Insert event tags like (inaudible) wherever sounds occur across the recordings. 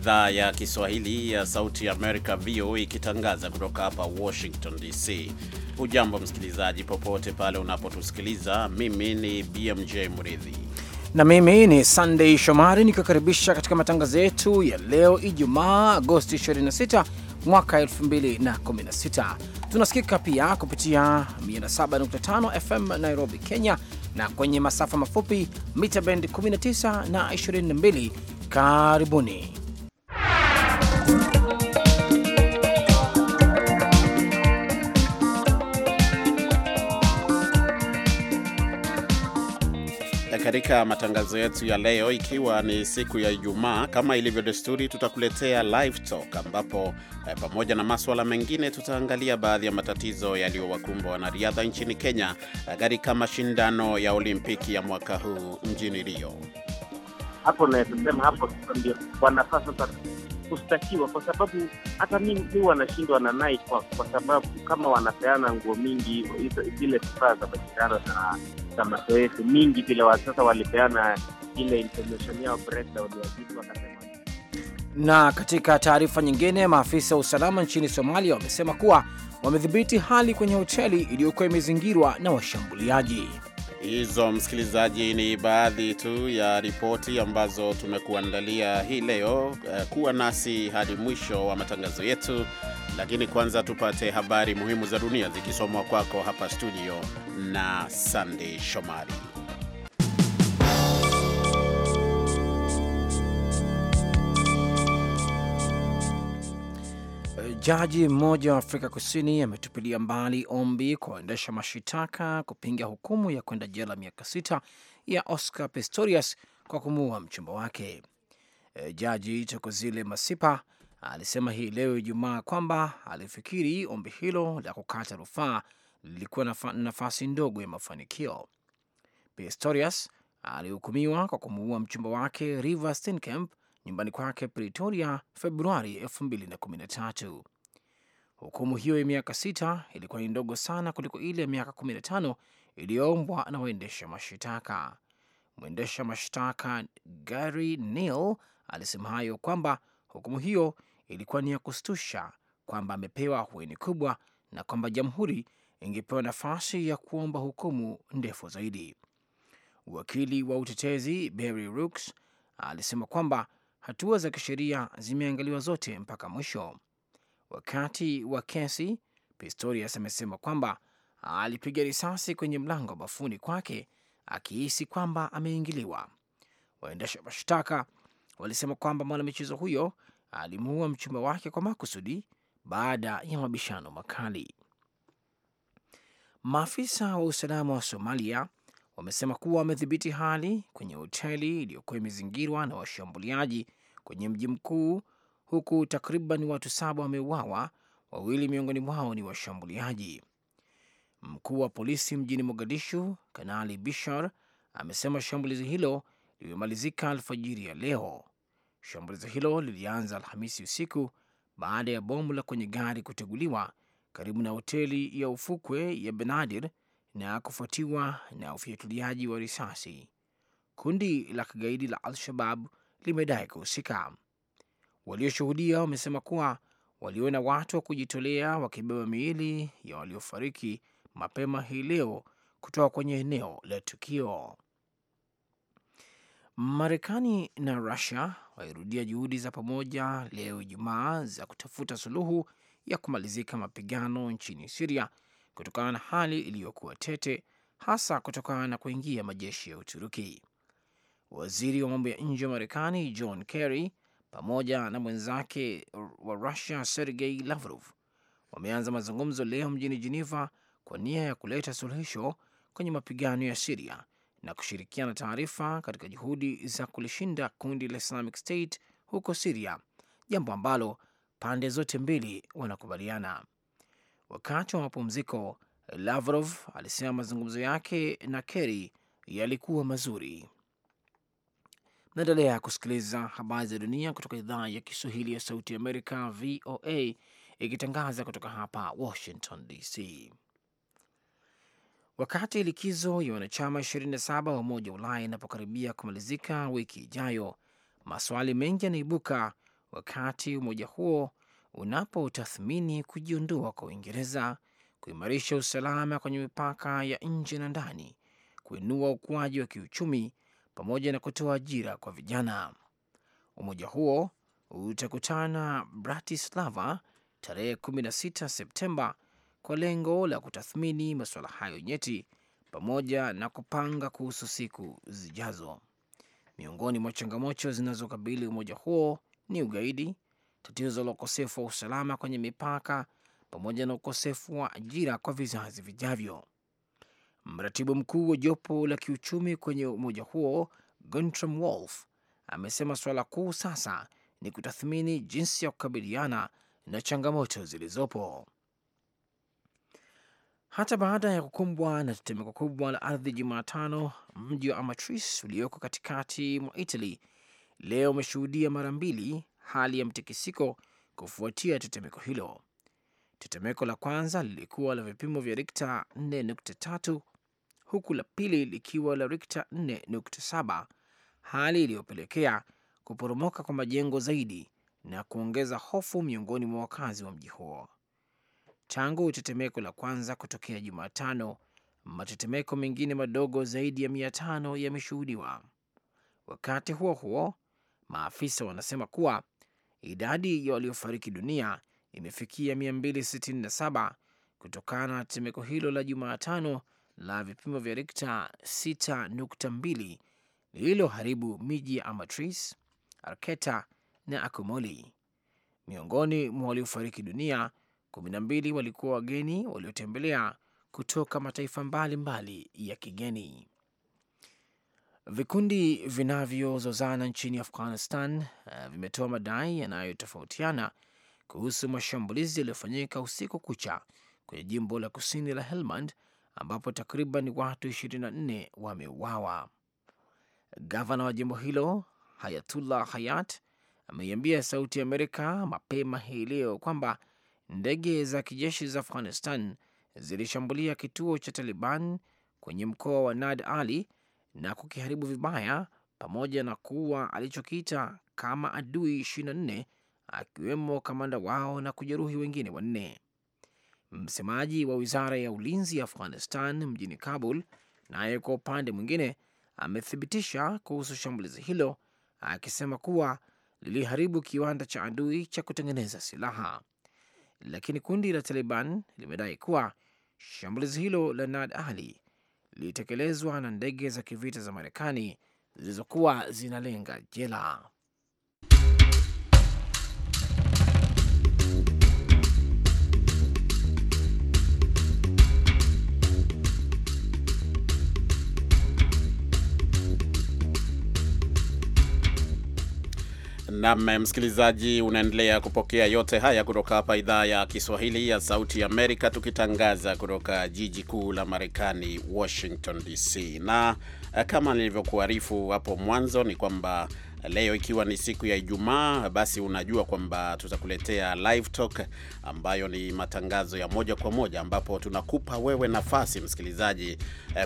idhaa ya Kiswahili ya Sauti ya Amerika, VOA, ikitangaza kutoka hapa Washington DC. Hujambo msikilizaji, popote pale unapotusikiliza. Mimi ni BMJ Mridhi na mimi ni Sandey Shomari nikiwakaribisha katika matangazo yetu ya leo Ijumaa, Agosti 26 mwaka 2016. Tunasikika pia kupitia 107.5 FM Nairobi, Kenya, na kwenye masafa mafupi mita bendi 19 na 22. Karibuni. Katika matangazo yetu ya leo, ikiwa ni siku ya Ijumaa, kama ilivyo desturi, tutakuletea live talk, ambapo eh, pamoja na maswala mengine tutaangalia baadhi ya matatizo yaliyowakumba wanariadha nchini Kenya eh, katika mashindano ya Olimpiki ya mwaka huu mjini Rio. Hapo naweza sema hapo ndio kwa nafasi kustakiwa, kwa sababu hata mimi huu wanashindwa na nai kwa, kwa sababu kama wanapeana nguo mingi zile vifaa za mashindano na za mazoezi mingi vile, sasa walipeana ile information yao breakdown ya wakasema na katika taarifa nyingine, maafisa wa usalama nchini Somalia wamesema kuwa wamedhibiti hali kwenye hoteli iliyokuwa imezingirwa na washambuliaji. Hizo msikilizaji, ni baadhi tu ya ripoti ambazo tumekuandalia hii leo. Eh, kuwa nasi hadi mwisho wa matangazo yetu, lakini kwanza tupate habari muhimu za dunia zikisomwa kwako hapa studio na Sandey Shomari. Jaji mmoja wa Afrika Kusini ametupilia mbali ombi kwa waendesha mashitaka kupinga hukumu ya kwenda jela miaka sita ya Oscar Pistorius kwa kumuua mchumba wake. E, Jaji tokozile Masipa alisema hii leo Ijumaa kwamba alifikiri ombi hilo la kukata rufaa lilikuwa na nafasi ndogo ya mafanikio. Pistorius alihukumiwa kwa kumuua mchumba wake river Steenkamp nyumbani kwake Pretoria Februari Hukumu hiyo ya miaka sita ilikuwa ni ndogo sana kuliko ile ya miaka 15 iliyoombwa na waendesha mashtaka. Mwendesha mashtaka Gary Neil alisema hayo kwamba hukumu hiyo ilikuwa ni ya kustusha, kwamba amepewa hueni kubwa na kwamba jamhuri ingepewa nafasi ya kuomba hukumu ndefu zaidi. Wakili wa utetezi Barry Rooks alisema kwamba hatua za kisheria zimeangaliwa zote mpaka mwisho. Wakati wa kesi, Pistorius amesema kwamba alipiga risasi kwenye mlango wa bafuni kwake akihisi kwamba ameingiliwa. Waendesha mashtaka walisema kwamba mwanamichezo huyo alimuua mchumba wake kwa makusudi baada ya mabishano makali. Maafisa wa usalama wa Somalia wamesema kuwa wamedhibiti hali kwenye hoteli iliyokuwa imezingirwa na washambuliaji kwenye mji mkuu huku takriban watu saba wameuawa, wawili miongoni mwao ni washambuliaji. Mkuu wa polisi mjini Mogadishu, Kanali Bishar, amesema shambulizi hilo limemalizika alfajiri ya leo. Shambulizi hilo lilianza Alhamisi usiku baada ya bomu la kwenye gari kuteguliwa karibu na hoteli ya ufukwe ya Benadir na kufuatiwa na ufyatuliaji wa risasi. Kundi la kigaidi la Al-Shabab limedai kuhusika. Walioshuhudia wamesema kuwa waliona watu wa kujitolea wakibeba miili ya waliofariki mapema hii leo kutoka kwenye eneo la tukio. Marekani na Rusia walirudia juhudi za pamoja leo Ijumaa za kutafuta suluhu ya kumalizika mapigano nchini Siria kutokana na hali iliyokuwa tete, hasa kutokana na kuingia majeshi ya Uturuki. Waziri wa mambo ya nje wa Marekani John Kerry pamoja na mwenzake wa Russia Sergei Lavrov wameanza mazungumzo leo mjini Geneva kwa nia ya kuleta suluhisho kwenye mapigano ya Siria na kushirikiana taarifa katika juhudi za kulishinda kundi la Islamic State huko Siria, jambo ambalo pande zote mbili wanakubaliana. Wakati wa mapumziko, Lavrov alisema mazungumzo yake na Kerry yalikuwa mazuri naendelea kusikiliza habari za dunia kutoka idhaa ya Kiswahili ya Sauti Amerika, VOA, ikitangaza kutoka hapa Washington DC. Wakati likizo ya wanachama 27 wa Umoja wa Ulaya inapokaribia kumalizika wiki ijayo, maswali mengi yanaibuka wakati umoja huo unapotathmini kujiondoa kwa Uingereza, kuimarisha usalama kwenye mipaka ya nje na ndani, kuinua ukuaji wa kiuchumi pamoja na kutoa ajira kwa vijana. Umoja huo utakutana Bratislava tarehe 16 Septemba kwa lengo la kutathmini masuala hayo nyeti pamoja na kupanga kuhusu siku zijazo. Miongoni mwa changamoto zinazokabili umoja huo ni ugaidi, tatizo la ukosefu wa usalama kwenye mipaka pamoja na ukosefu wa ajira kwa vizazi vijavyo. Mratibu mkuu wa jopo la kiuchumi kwenye umoja huo Guntram Wolf amesema suala kuu sasa ni kutathmini jinsi ya kukabiliana na changamoto zilizopo. Hata baada ya kukumbwa na tetemeko kubwa la ardhi Jumatano, mji wa Amatrice ulioko katikati mwa Italy leo umeshuhudia mara mbili hali ya mtikisiko kufuatia tetemeko hilo. Tetemeko la kwanza lilikuwa la vipimo vya Rikta 4.3 huku la pili likiwa la rikta 4.7, hali iliyopelekea kuporomoka kwa majengo zaidi na kuongeza hofu miongoni mwa wakazi wa mji huo. Tangu tetemeko la kwanza kutokea Jumatano, matetemeko mengine madogo zaidi ya mia tano yameshuhudiwa. Wakati huo huo, maafisa wanasema kuwa idadi ya waliofariki dunia imefikia 267 kutokana na tetemeko hilo la Jumatano la vipimo vya rikta 6.2 lililoharibu miji ya Amatrice, Arketa na Akumoli. Miongoni mwa waliofariki dunia, 12 walikuwa wageni waliotembelea kutoka mataifa mbalimbali mbali ya kigeni. Vikundi vinavyozozana nchini Afghanistan eh, vimetoa madai yanayotofautiana kuhusu mashambulizi yaliyofanyika usiku kucha kwenye jimbo la kusini la Helmand ambapo takriban watu 24 wameuawa. Gavana wa jimbo hilo Hayatullah Hayat ameiambia Sauti ya Amerika mapema hii leo kwamba ndege za kijeshi za Afghanistan zilishambulia kituo cha Taliban kwenye mkoa wa Nad Ali na kukiharibu vibaya pamoja na kuua alichokiita kama adui 24 akiwemo kamanda wao na kujeruhi wengine wanne. Msemaji wa wizara ya ulinzi ya Afghanistan mjini Kabul naye kwa upande mwingine amethibitisha kuhusu shambulizi hilo akisema kuwa liliharibu kiwanda cha adui cha kutengeneza silaha, lakini kundi la Taliban limedai kuwa shambulizi hilo la Nad Ali lilitekelezwa na ndege za kivita za Marekani zilizokuwa zinalenga jela. Nam eh, msikilizaji, unaendelea kupokea yote haya kutoka hapa idhaa ya Kiswahili ya Sauti ya Amerika, tukitangaza kutoka jiji kuu la Marekani, Washington DC. Na eh, kama nilivyokuarifu hapo mwanzo ni kwamba eh, leo ikiwa ni siku ya Ijumaa, basi unajua kwamba tutakuletea live talk ambayo ni matangazo ya moja kwa moja, ambapo tunakupa wewe nafasi msikilizaji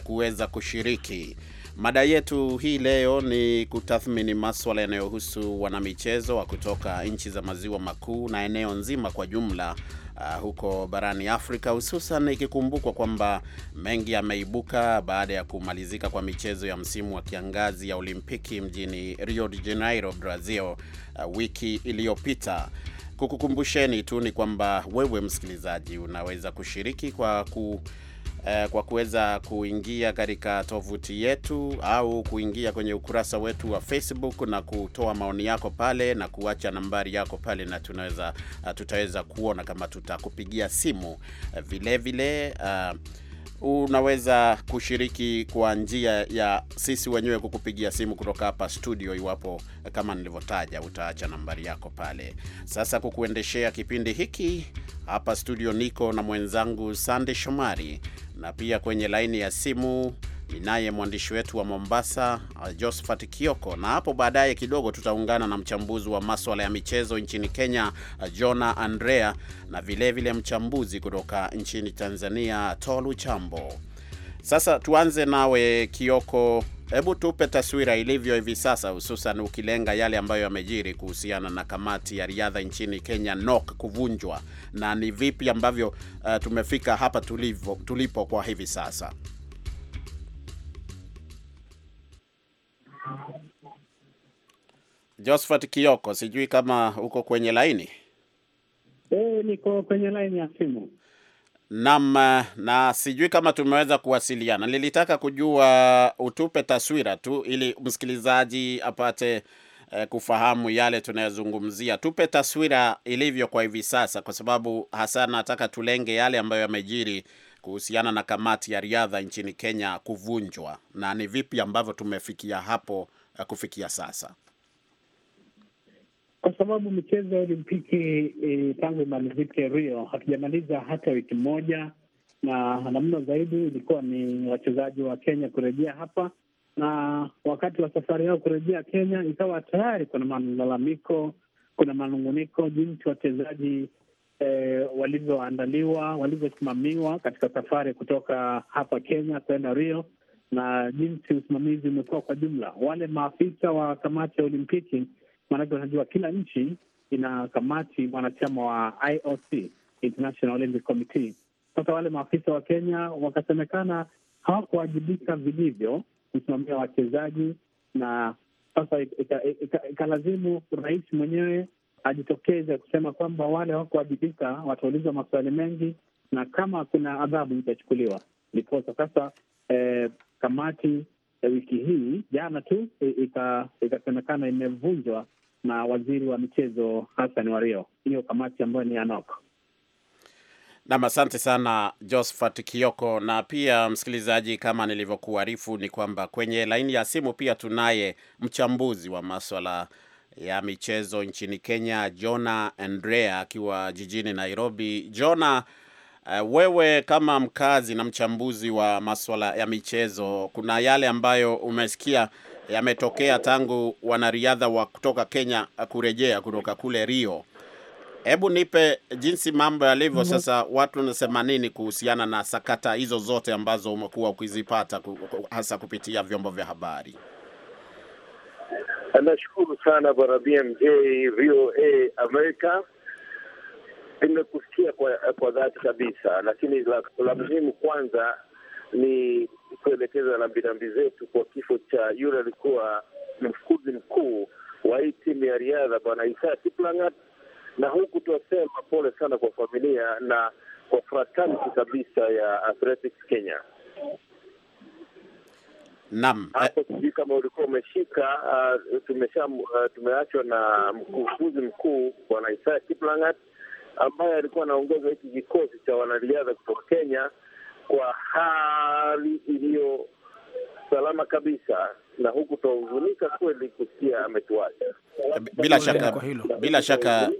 kuweza kushiriki Mada yetu hii leo ni kutathmini maswala yanayohusu wanamichezo wa kutoka nchi za maziwa makuu na eneo nzima kwa jumla, uh, huko barani Afrika, hususan ikikumbukwa kwamba mengi yameibuka baada ya kumalizika kwa michezo ya msimu wa kiangazi ya Olimpiki mjini Rio de Janeiro, Brazil, uh, wiki iliyopita. Kukukumbusheni tu ni kwamba wewe msikilizaji unaweza kushiriki kwa ku eh, kwa kuweza kuingia katika tovuti yetu au kuingia kwenye ukurasa wetu wa Facebook na kutoa maoni yako pale na kuacha nambari yako pale, na tunaweza eh, tutaweza kuona kama tutakupigia simu vilevile eh, vile, uh, unaweza kushiriki kwa njia ya sisi wenyewe kukupigia simu kutoka hapa studio, iwapo kama nilivyotaja utaacha nambari yako pale. Sasa kukuendeshea kipindi hiki hapa studio niko na mwenzangu Sande Shomari, na pia kwenye laini ya simu ninaye mwandishi wetu wa Mombasa uh, Josephat Kioko, na hapo baadaye kidogo tutaungana na mchambuzi wa maswala ya michezo nchini Kenya uh, Jona Andrea, na vilevile vile mchambuzi kutoka nchini Tanzania Tolu Chambo. Sasa tuanze nawe Kioko. Hebu tupe taswira ilivyo hivi sasa, hususan ukilenga yale ambayo yamejiri kuhusiana na kamati ya riadha nchini Kenya nok kuvunjwa, na ni vipi ambavyo uh, tumefika hapa tulipo, tulipo kwa hivi sasa. Josephat Kioko, sijui kama uko kwenye laini. E, niko kwenye laini ya simu nam na sijui kama tumeweza kuwasiliana. Nilitaka kujua utupe taswira tu ili msikilizaji apate eh, kufahamu yale tunayozungumzia. Tupe taswira ilivyo kwa hivi sasa, kwa sababu hasa nataka tulenge yale ambayo yamejiri kuhusiana na kamati ya riadha nchini Kenya kuvunjwa na ni vipi ambavyo tumefikia hapo eh, kufikia sasa kwa sababu michezo ya Olimpiki e, tangu imalizike Rio hatujamaliza hata wiki moja, na namno zaidi ilikuwa ni wachezaji wa Kenya kurejea hapa, na wakati wa safari yao kurejea Kenya ikawa tayari kuna malalamiko, kuna manunguniko jinsi wachezaji e, walivyoandaliwa, walivyosimamiwa katika safari kutoka hapa Kenya kwenda Rio na jinsi usimamizi umekuwa kwa jumla. Wale maafisa wa kamati ya Olimpiki maanake unajua kila nchi ina kamati mwanachama wa IOC, International Olympic Committee. Sasa wale maafisa wa Kenya wakasemekana hawakuwajibika vilivyo kusimamia wachezaji, na sasa ikalazimu rais mwenyewe ajitokeze kusema kwamba wale hawakuwajibika, wataulizwa maswali mengi na kama kuna adhabu itachukuliwa. Ndiposa sasa eh, kamati ya wiki hii jana tu e, ikasemekana imevunjwa na waziri wa michezo Hassan Wario, hiyo kamati ambayo ni ANOK. Nam, asante sana Josphat Kioko. Na pia msikilizaji, kama nilivyokuarifu ni kwamba kwenye laini ya simu pia tunaye mchambuzi wa maswala ya michezo nchini Kenya, Jona Andrea akiwa jijini Nairobi. Jona, Uh, wewe kama mkazi na mchambuzi wa maswala ya michezo, kuna yale ambayo umesikia yametokea tangu wanariadha wa kutoka Kenya kurejea kutoka kule Rio. Hebu nipe jinsi mambo yalivyo sasa, watu wanasema nini kuhusiana na sakata hizo zote ambazo umekuwa ukizipata hasa kupitia vyombo vya habari? Nashukuru sana bwana BMJ VOA America. Nimekusikia kwa, kwa dhati kabisa, lakini la, la muhimu kwanza ni kuelekeza rambirambi zetu kwa kifo cha yule alikuwa mfukuzi mkuu wa hii timu ya riadha Bwana Isaya Kiplangat, na huku tuwasema pole sana kwa familia na kwa fraternity kabisa ya Athletics Kenya. Naam, hapo sijui kama ulikuwa umeshika. Uh, ah, tumesha uh, ah, tumeachwa na mkufunzi mkuu Bwana Isaya Kiplangat ambaye alikuwa anaongoza hiki kikosi cha wanariadha kutoka Kenya kwa hali iliyo salama kabisa, na huku tunahuzunika kweli kusikia ametuacha. Bila shaka, bila shaka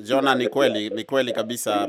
Jona, ni kweli, ni kweli kabisa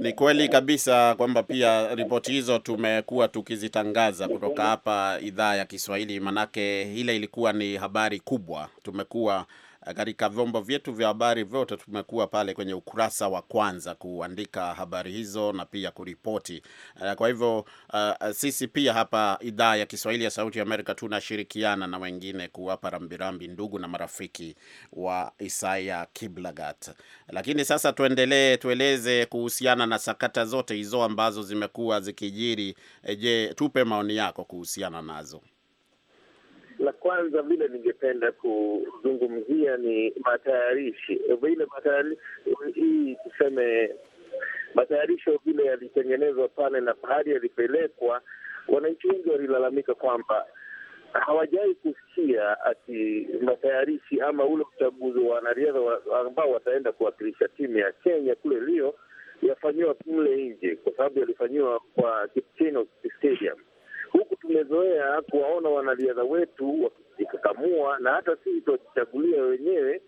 ni kweli kabisa kwamba pia ripoti hizo tumekuwa tukizitangaza kutoka hapa idhaa ya Kiswahili, manake ile ilikuwa ni habari kubwa. Tumekuwa katika vyombo vyetu vya habari vyote tumekuwa pale kwenye ukurasa wa kwanza kuandika habari hizo na pia kuripoti. Eh, kwa hivyo uh, sisi pia hapa idhaa ya Kiswahili ya Sauti ya Amerika tunashirikiana na wengine kuwapa rambirambi ndugu na marafiki wa Isaya Kiblagat. Lakini sasa tuendelee, tueleze kuhusiana na sakata zote hizo ambazo zimekuwa zikijiri. Eh, je, tupe maoni yako kuhusiana nazo. La kwanza vile ningependa kuzungumzia ni matayarishi, vile matayarishi hii tuseme matayarisho vile yalitengenezwa pale na pahali yalipelekwa, wananchi wengi walilalamika kwamba hawajawai kusikia ati matayarishi ama ule uchaguzi wa wanariadha ambao wataenda kuwakilisha timu ya Kenya kule Rio yafanyiwa mle nje, kwa sababu yalifanyiwa kwa Kipchino Stadium. Huku tumezoea kuwaona wanariadha wetu wakijikakamua na hata sisi tuwajichagulia wenyewe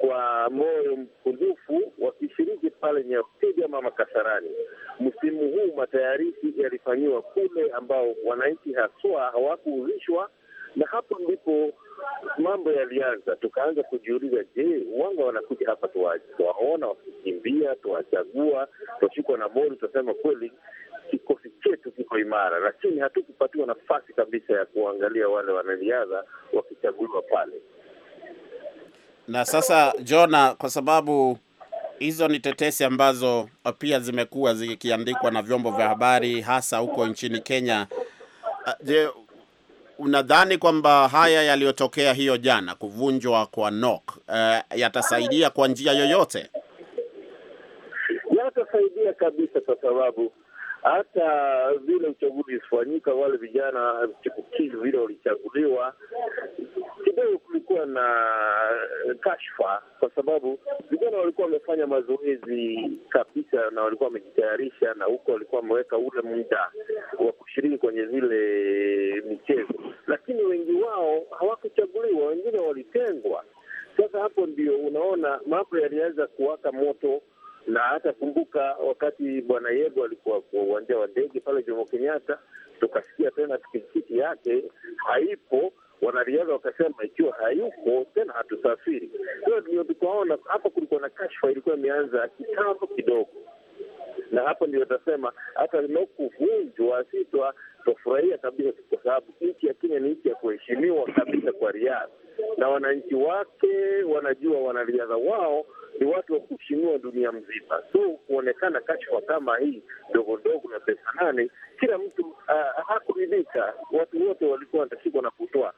kwa moyo mkunjufu wakishiriki pale Nyaokidi ama Makasarani. Msimu huu matayarishi yalifanyiwa kule, ambao wananchi haswa hawakuhuzishwa, na hapo ndipo mambo yalianza. Tukaanza kujiuliza, je, wanga wanakuja hapa tuwaona wakikimbia, tuwachagua, tuwashikwa na mori, tutasema kweli kikosi chetu kiko imara, lakini hatukupatiwa nafasi kabisa ya kuangalia wale wanariadha wakichaguliwa pale. Na sasa Jona, kwa sababu hizo ni tetesi ambazo pia zimekuwa zikiandikwa na vyombo vya habari hasa huko nchini Kenya. Je, unadhani kwamba haya yaliyotokea hiyo jana kuvunjwa kwa NOK uh, eh, yatasaidia kwa njia yoyote? Yatasaidia kabisa, kwa sababu hata vile uchaguzi ifanyika wale vijana chipukizi vile walichaguliwa, kidogo kulikuwa na kashfa, kwa sababu vijana walikuwa wamefanya mazoezi kabisa na walikuwa wamejitayarisha, na huko walikuwa wameweka ule muda wa kushiriki kwenye zile michezo, lakini wengi wao hawakuchaguliwa, wengine walitengwa. Sasa hapo ndio unaona mambo yalianza kuwaka moto na hata kumbuka wakati bwana Yego alikuwa kwa uwanja wa ndege pale Jomo Kenyatta, tukasikia tena tikitikiti yake haipo wanariadha wakasema ikiwa hayuko tena hatusafiri. Hiyo ndio tukaona hapa kulikuwa na kashfa, ilikuwa imeanza kitambo kidogo na hapo ndio utasema hata lilokuvunjwa sitwa tofurahia kabisa, kwa sababu nchi ya Kenya ni nchi ya kuheshimiwa kabisa kwa riadha, na wananchi wake wanajua wanariadha wao ni watu wa kuheshimiwa dunia mzima. So kuonekana kashfa kama hii ndogo ndogo na pesa nane, kila mtu uh, hakuridhika. Watu wote walikuwa wanatashikwa na kutoa.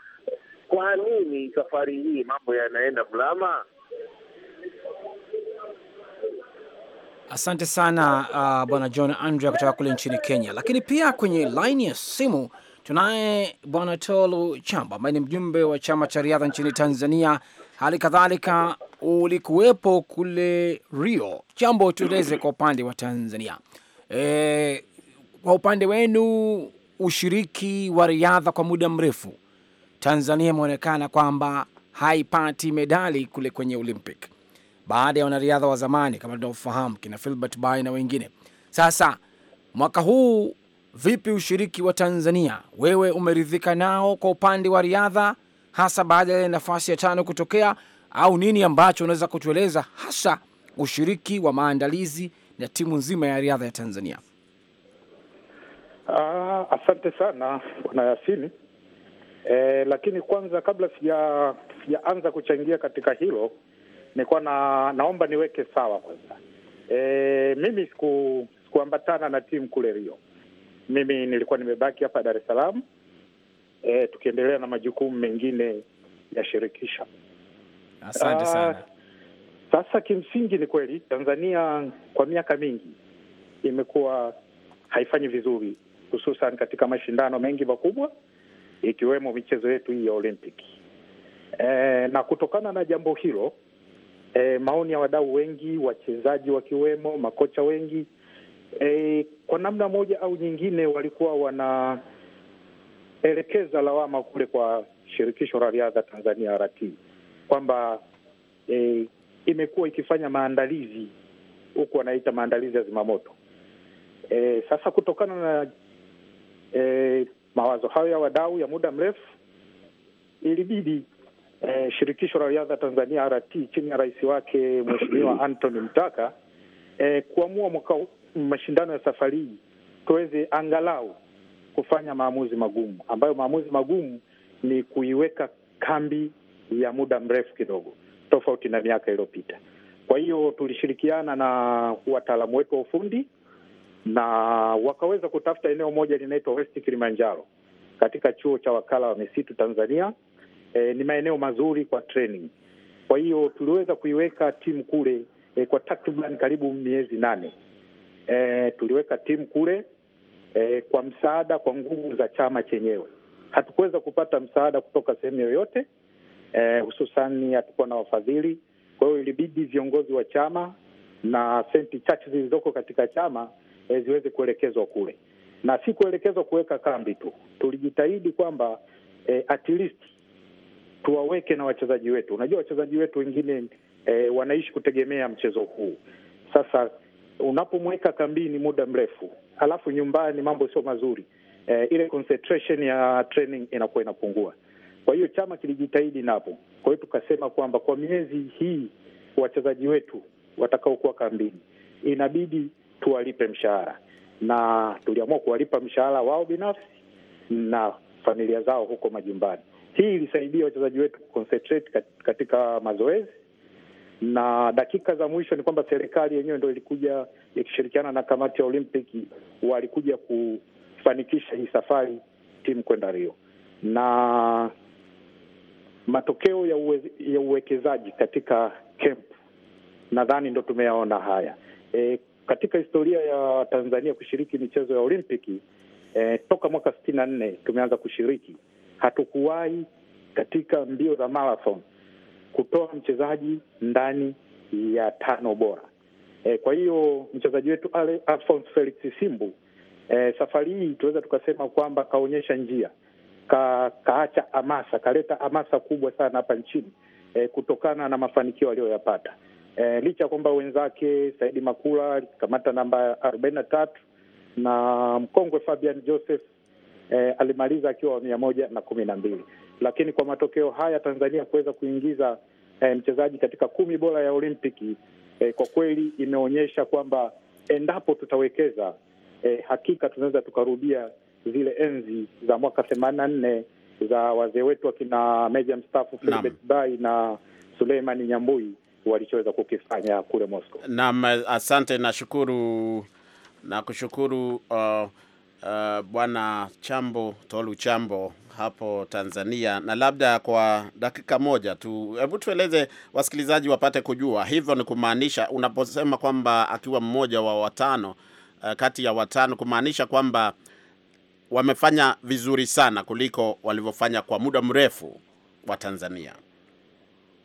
Kwa nini safari hii mambo yanaenda mlama? Asante sana uh, bwana John Andrea kutoka kule nchini Kenya. Lakini pia kwenye laini ya simu tunaye bwana Tolu Chamba ambaye ni mjumbe wa chama cha riadha nchini Tanzania. Hali kadhalika ulikuwepo kule Rio. Jambo, tueleze kwa upande wa Tanzania, e, kwa upande wenu ushiriki wa riadha kwa muda mrefu, Tanzania imeonekana kwamba haipati medali kule kwenye Olympic baada ya wanariadha wa zamani kama tunavyofahamu kina Filbert Bayi na wengine. Sasa mwaka huu vipi ushiriki wa Tanzania, wewe umeridhika nao kwa upande wa riadha, hasa baada ya nafasi ya tano kutokea, au nini ambacho unaweza kutueleza hasa ushiriki wa maandalizi na timu nzima ya riadha ya Tanzania? Ah, asante sana bwana Yasini. Eh, lakini kwanza kabla sijaanza kuchangia katika hilo nilikuwa na naomba niweke sawa kwanza. E, mimi siku sikuambatana na timu kule Rio. Mimi nilikuwa nimebaki hapa Dar es Salaam e, tukiendelea na majukumu mengine ya shirikisho. Asante ah, sana. Sasa kimsingi ni kweli Tanzania kwa miaka mingi imekuwa haifanyi vizuri, hususan katika mashindano mengi makubwa ikiwemo michezo yetu hii ya Olympic. E, na kutokana na jambo hilo e, maoni ya wadau wengi, wachezaji wakiwemo, makocha wengi e, kwa namna moja au nyingine walikuwa wanaelekeza lawama kule kwa shirikisho la riadha Tanzania RT kwamba e, imekuwa ikifanya maandalizi huku wanaita maandalizi ya zimamoto. E, sasa kutokana na e, mawazo hayo ya wadau ya muda mrefu ilibidi eh, shirikisho la riadha Tanzania RT chini ya rais wake Mheshimiwa (clears throat) Anthony Mtaka eh, kuamua mwaka mashindano ya safari hii tuweze angalau kufanya maamuzi magumu, ambayo maamuzi magumu ni kuiweka kambi ya muda mrefu kidogo tofauti na miaka iliyopita. Kwa hiyo tulishirikiana na wataalamu wetu wa ufundi na wakaweza kutafuta eneo moja linaitwa West Kilimanjaro katika chuo cha wakala wa misitu Tanzania e, ni maeneo mazuri kwa training. Kwa hiyo tuliweza kuiweka timu kule e, kwa takriban karibu miezi nane. E, tuliweka timu kule e, kwa msaada, kwa nguvu za chama chenyewe. Hatukuweza kupata msaada kutoka sehemu yoyote e, hususani hatukuwa na wafadhili. Kwa hiyo ilibidi viongozi wa chama na senti chache zilizoko katika chama e, ziweze kuelekezwa kule, na si kuelekezwa kuweka kambi tu. Tulijitahidi kwamba e, at least tuwaweke na wachezaji wetu. Unajua wachezaji wetu wengine e, wanaishi kutegemea mchezo huu. Sasa unapomweka kambini muda mrefu, alafu nyumbani mambo sio mazuri e, ile concentration ya training inakuwa inapungua. Kwa hiyo chama kilijitahidi napo, kwa hiyo tukasema kwamba kwa miezi hii wachezaji wetu watakaokuwa kambini inabidi tuwalipe mshahara, na tuliamua kuwalipa mshahara wao binafsi na familia zao huko majumbani. Hii ilisaidia wachezaji wetu kuconcentrate katika mazoezi, na dakika za mwisho ni kwamba serikali yenyewe ndo ilikuja ikishirikiana na kamati ya Olimpiki, walikuja kufanikisha hii safari timu kwenda Rio na matokeo ya, uwe, ya uwekezaji katika camp nadhani ndo tumeyaona haya. E, katika historia ya Tanzania kushiriki michezo ya Olimpiki e, toka mwaka sitini na nne tumeanza kushiriki hatukuwahi katika mbio za marathon kutoa mchezaji ndani ya tano bora. E, kwa hiyo mchezaji wetu Alphonce Felix Simbu e, safari hii tunaweza tukasema kwamba kaonyesha njia ka, kaacha amasa kaleta amasa kubwa sana hapa nchini e, kutokana na mafanikio aliyoyapata e, licha ya kwamba wenzake Saidi Makula alikamata namba arobaini na tatu na mkongwe Fabian Joseph eh, alimaliza akiwa mia moja na kumi na mbili, lakini kwa matokeo haya Tanzania kuweza kuingiza eh, mchezaji katika kumi bora ya Olimpiki eh, kwa kweli imeonyesha kwamba endapo tutawekeza eh, hakika tunaweza tukarudia zile enzi za mwaka themanini na nne za wazee wetu wakina meja mstaafu Philbert Bayi na Suleimani Nyambui walichoweza kukifanya kule Moscow. Naam, asante, nashukuru na kushukuru uh, uh, Bwana Chambo Tolu Chambo hapo Tanzania. Na labda kwa dakika moja tu, hebu tueleze wasikilizaji wapate kujua, hivyo ni kumaanisha unaposema kwamba akiwa mmoja wa watano uh, kati ya watano, kumaanisha kwamba wamefanya vizuri sana kuliko walivyofanya kwa muda mrefu wa Tanzania.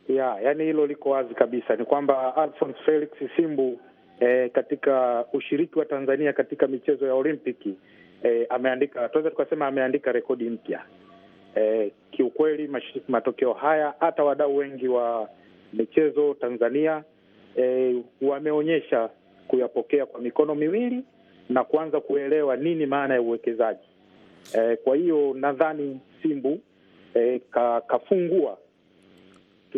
Ya, yani hilo liko wazi kabisa, ni kwamba Alphonse Felix Simbu eh, katika ushiriki wa Tanzania katika michezo ya Olimpiki eh, ameandika tunaweza tukasema ameandika rekodi mpya eh, kiukweli matokeo haya hata wadau wengi wa michezo Tanzania eh, wameonyesha kuyapokea kwa mikono miwili na kuanza kuelewa nini maana ya uwekezaji eh, kwa hiyo nadhani Simbu e, ka, kafungua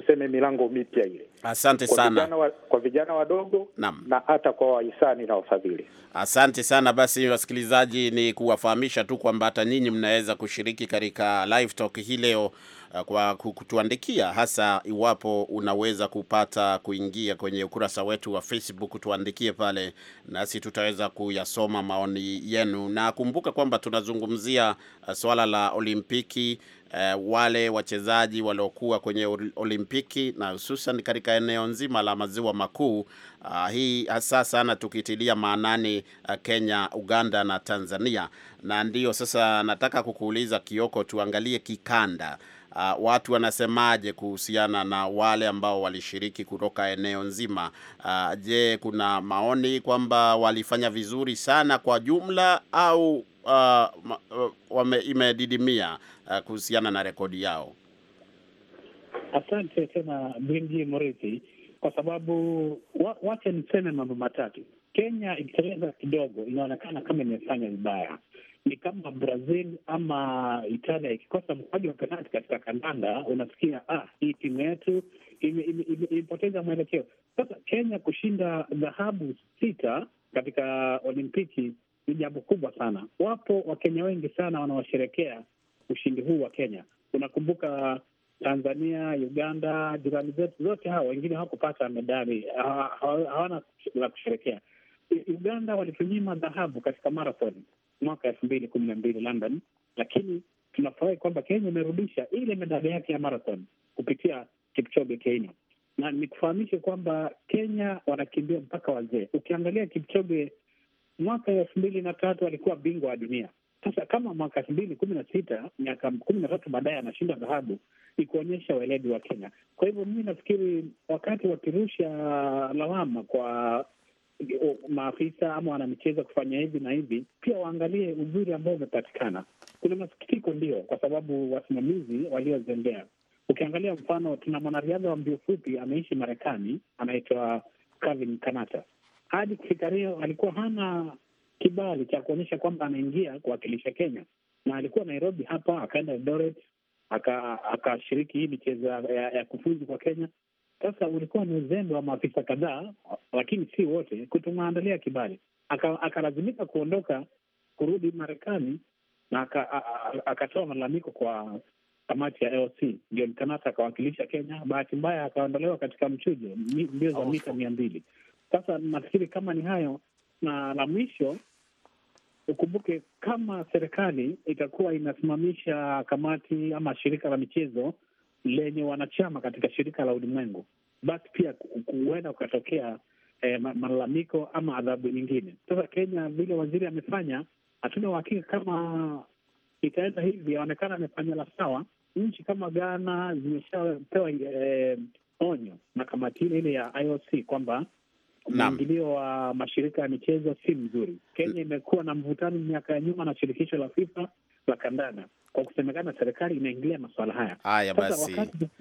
tuseme milango mipya ile. Asante sana vijana kwa vijana wadogo na hata kwa wahisani na wafadhili. Asante sana. Basi wasikilizaji, ni kuwafahamisha tu kwamba hata nyinyi mnaweza kushiriki katika live talk hii leo uh, kwa kutuandikia, hasa iwapo unaweza kupata kuingia kwenye ukurasa wetu wa Facebook, tuandikie pale, nasi tutaweza kuyasoma maoni yenu, na kumbuka kwamba tunazungumzia uh, swala la Olimpiki eh, wale wachezaji waliokuwa kwenye Olimpiki na hususan katika eneo nzima la maziwa makuu. Uh, hii hasa sana tukitilia maanani uh, Kenya, Uganda na Tanzania, na ndio sasa nataka kukuuliza Kioko, tuangalie kikanda. Uh, watu wanasemaje kuhusiana na wale ambao walishiriki kutoka eneo nzima? Uh, je, kuna maoni kwamba walifanya vizuri sana kwa jumla au uh, wame, imedidimia uh, kuhusiana na rekodi yao? Asante sana Bmj Murithi, kwa sababu wa, wache niseme mambo matatu. Kenya ikiteleza kidogo inaonekana kama imefanya vibaya, ni kama Brazil ama Italia ikikosa mkoaji wa penati katika kandanda, unafikia ah, hii timu yetu imepoteza mwelekeo. Sasa Kenya kushinda dhahabu sita katika Olimpiki ni jambo kubwa sana. Wapo Wakenya wengi sana wanaosherekea ushindi huu wa Kenya. Unakumbuka Tanzania, Uganda, jirani zetu zote hawa wengine hawakupata medali, hawana la kusherekea. Uganda walitunyima dhahabu katika marathon mwaka elfu mbili kumi na mbili London, lakini tunafurahi kwamba Kenya imerudisha ile medali yake ya marathon kupitia Kipchoge Keino, na nikufahamishe kwamba Kenya wanakimbia mpaka wazee. Ukiangalia Kipchoge mwaka elfu mbili na tatu alikuwa bingwa wa dunia. Sasa kama mwaka elfu mbili kumi na sita miaka kumi na tatu baadaye anashinda dhahabu, ni kuonyesha weledi wa Kenya. Kwa hivyo mimi nafikiri wakati wakirusha lawama kwa maafisa ama wanamichezo kufanya hivi na hivi, pia waangalie uzuri ambao umepatikana. Kuna masikitiko, ndio, kwa sababu wasimamizi waliozembea. Ukiangalia mfano, tuna mwanariadha wa mbio fupi ameishi Marekani, anaitwa Kevin Kanata hadi kufika Rio alikuwa hana kibali cha kuonyesha kwamba anaingia kuwakilisha Kenya, na alikuwa Nairobi hapa, akaenda Eldoret akashiriki hii michezo ya, ya kufuzu kwa Kenya. Sasa ulikuwa ni uzembe wa maafisa kadhaa, lakini si wote, kutomwandalia kibali. Akalazimika aka kuondoka kurudi Marekani na akatoa aka malalamiko kwa kamati ya AOC. John akawakilisha Kenya, bahati mbaya akaondolewa katika mchujo mbio za mita mia mbili. Sasa nafikiri kama ni hayo, na la mwisho ukumbuke, kama serikali itakuwa inasimamisha kamati ama shirika la michezo lenye wanachama katika shirika la ulimwengu, basi pia huenda ukatokea eh, malalamiko ama adhabu nyingine. Sasa Kenya, vile waziri amefanya, hatuna uhakika kama itaenda hivi. Yaonekana amefanya la sawa. Nchi kama Ghana zimeshapewa eh, onyo na kamati ile ile ya IOC kwamba mwingilio wa mashirika ya michezo si mzuri. Kenya imekuwa na mvutano miaka ya nyuma na shirikisho la FIFA la kandanda, kwa kusemekana serikali inaingilia masuala haya. Haya basi,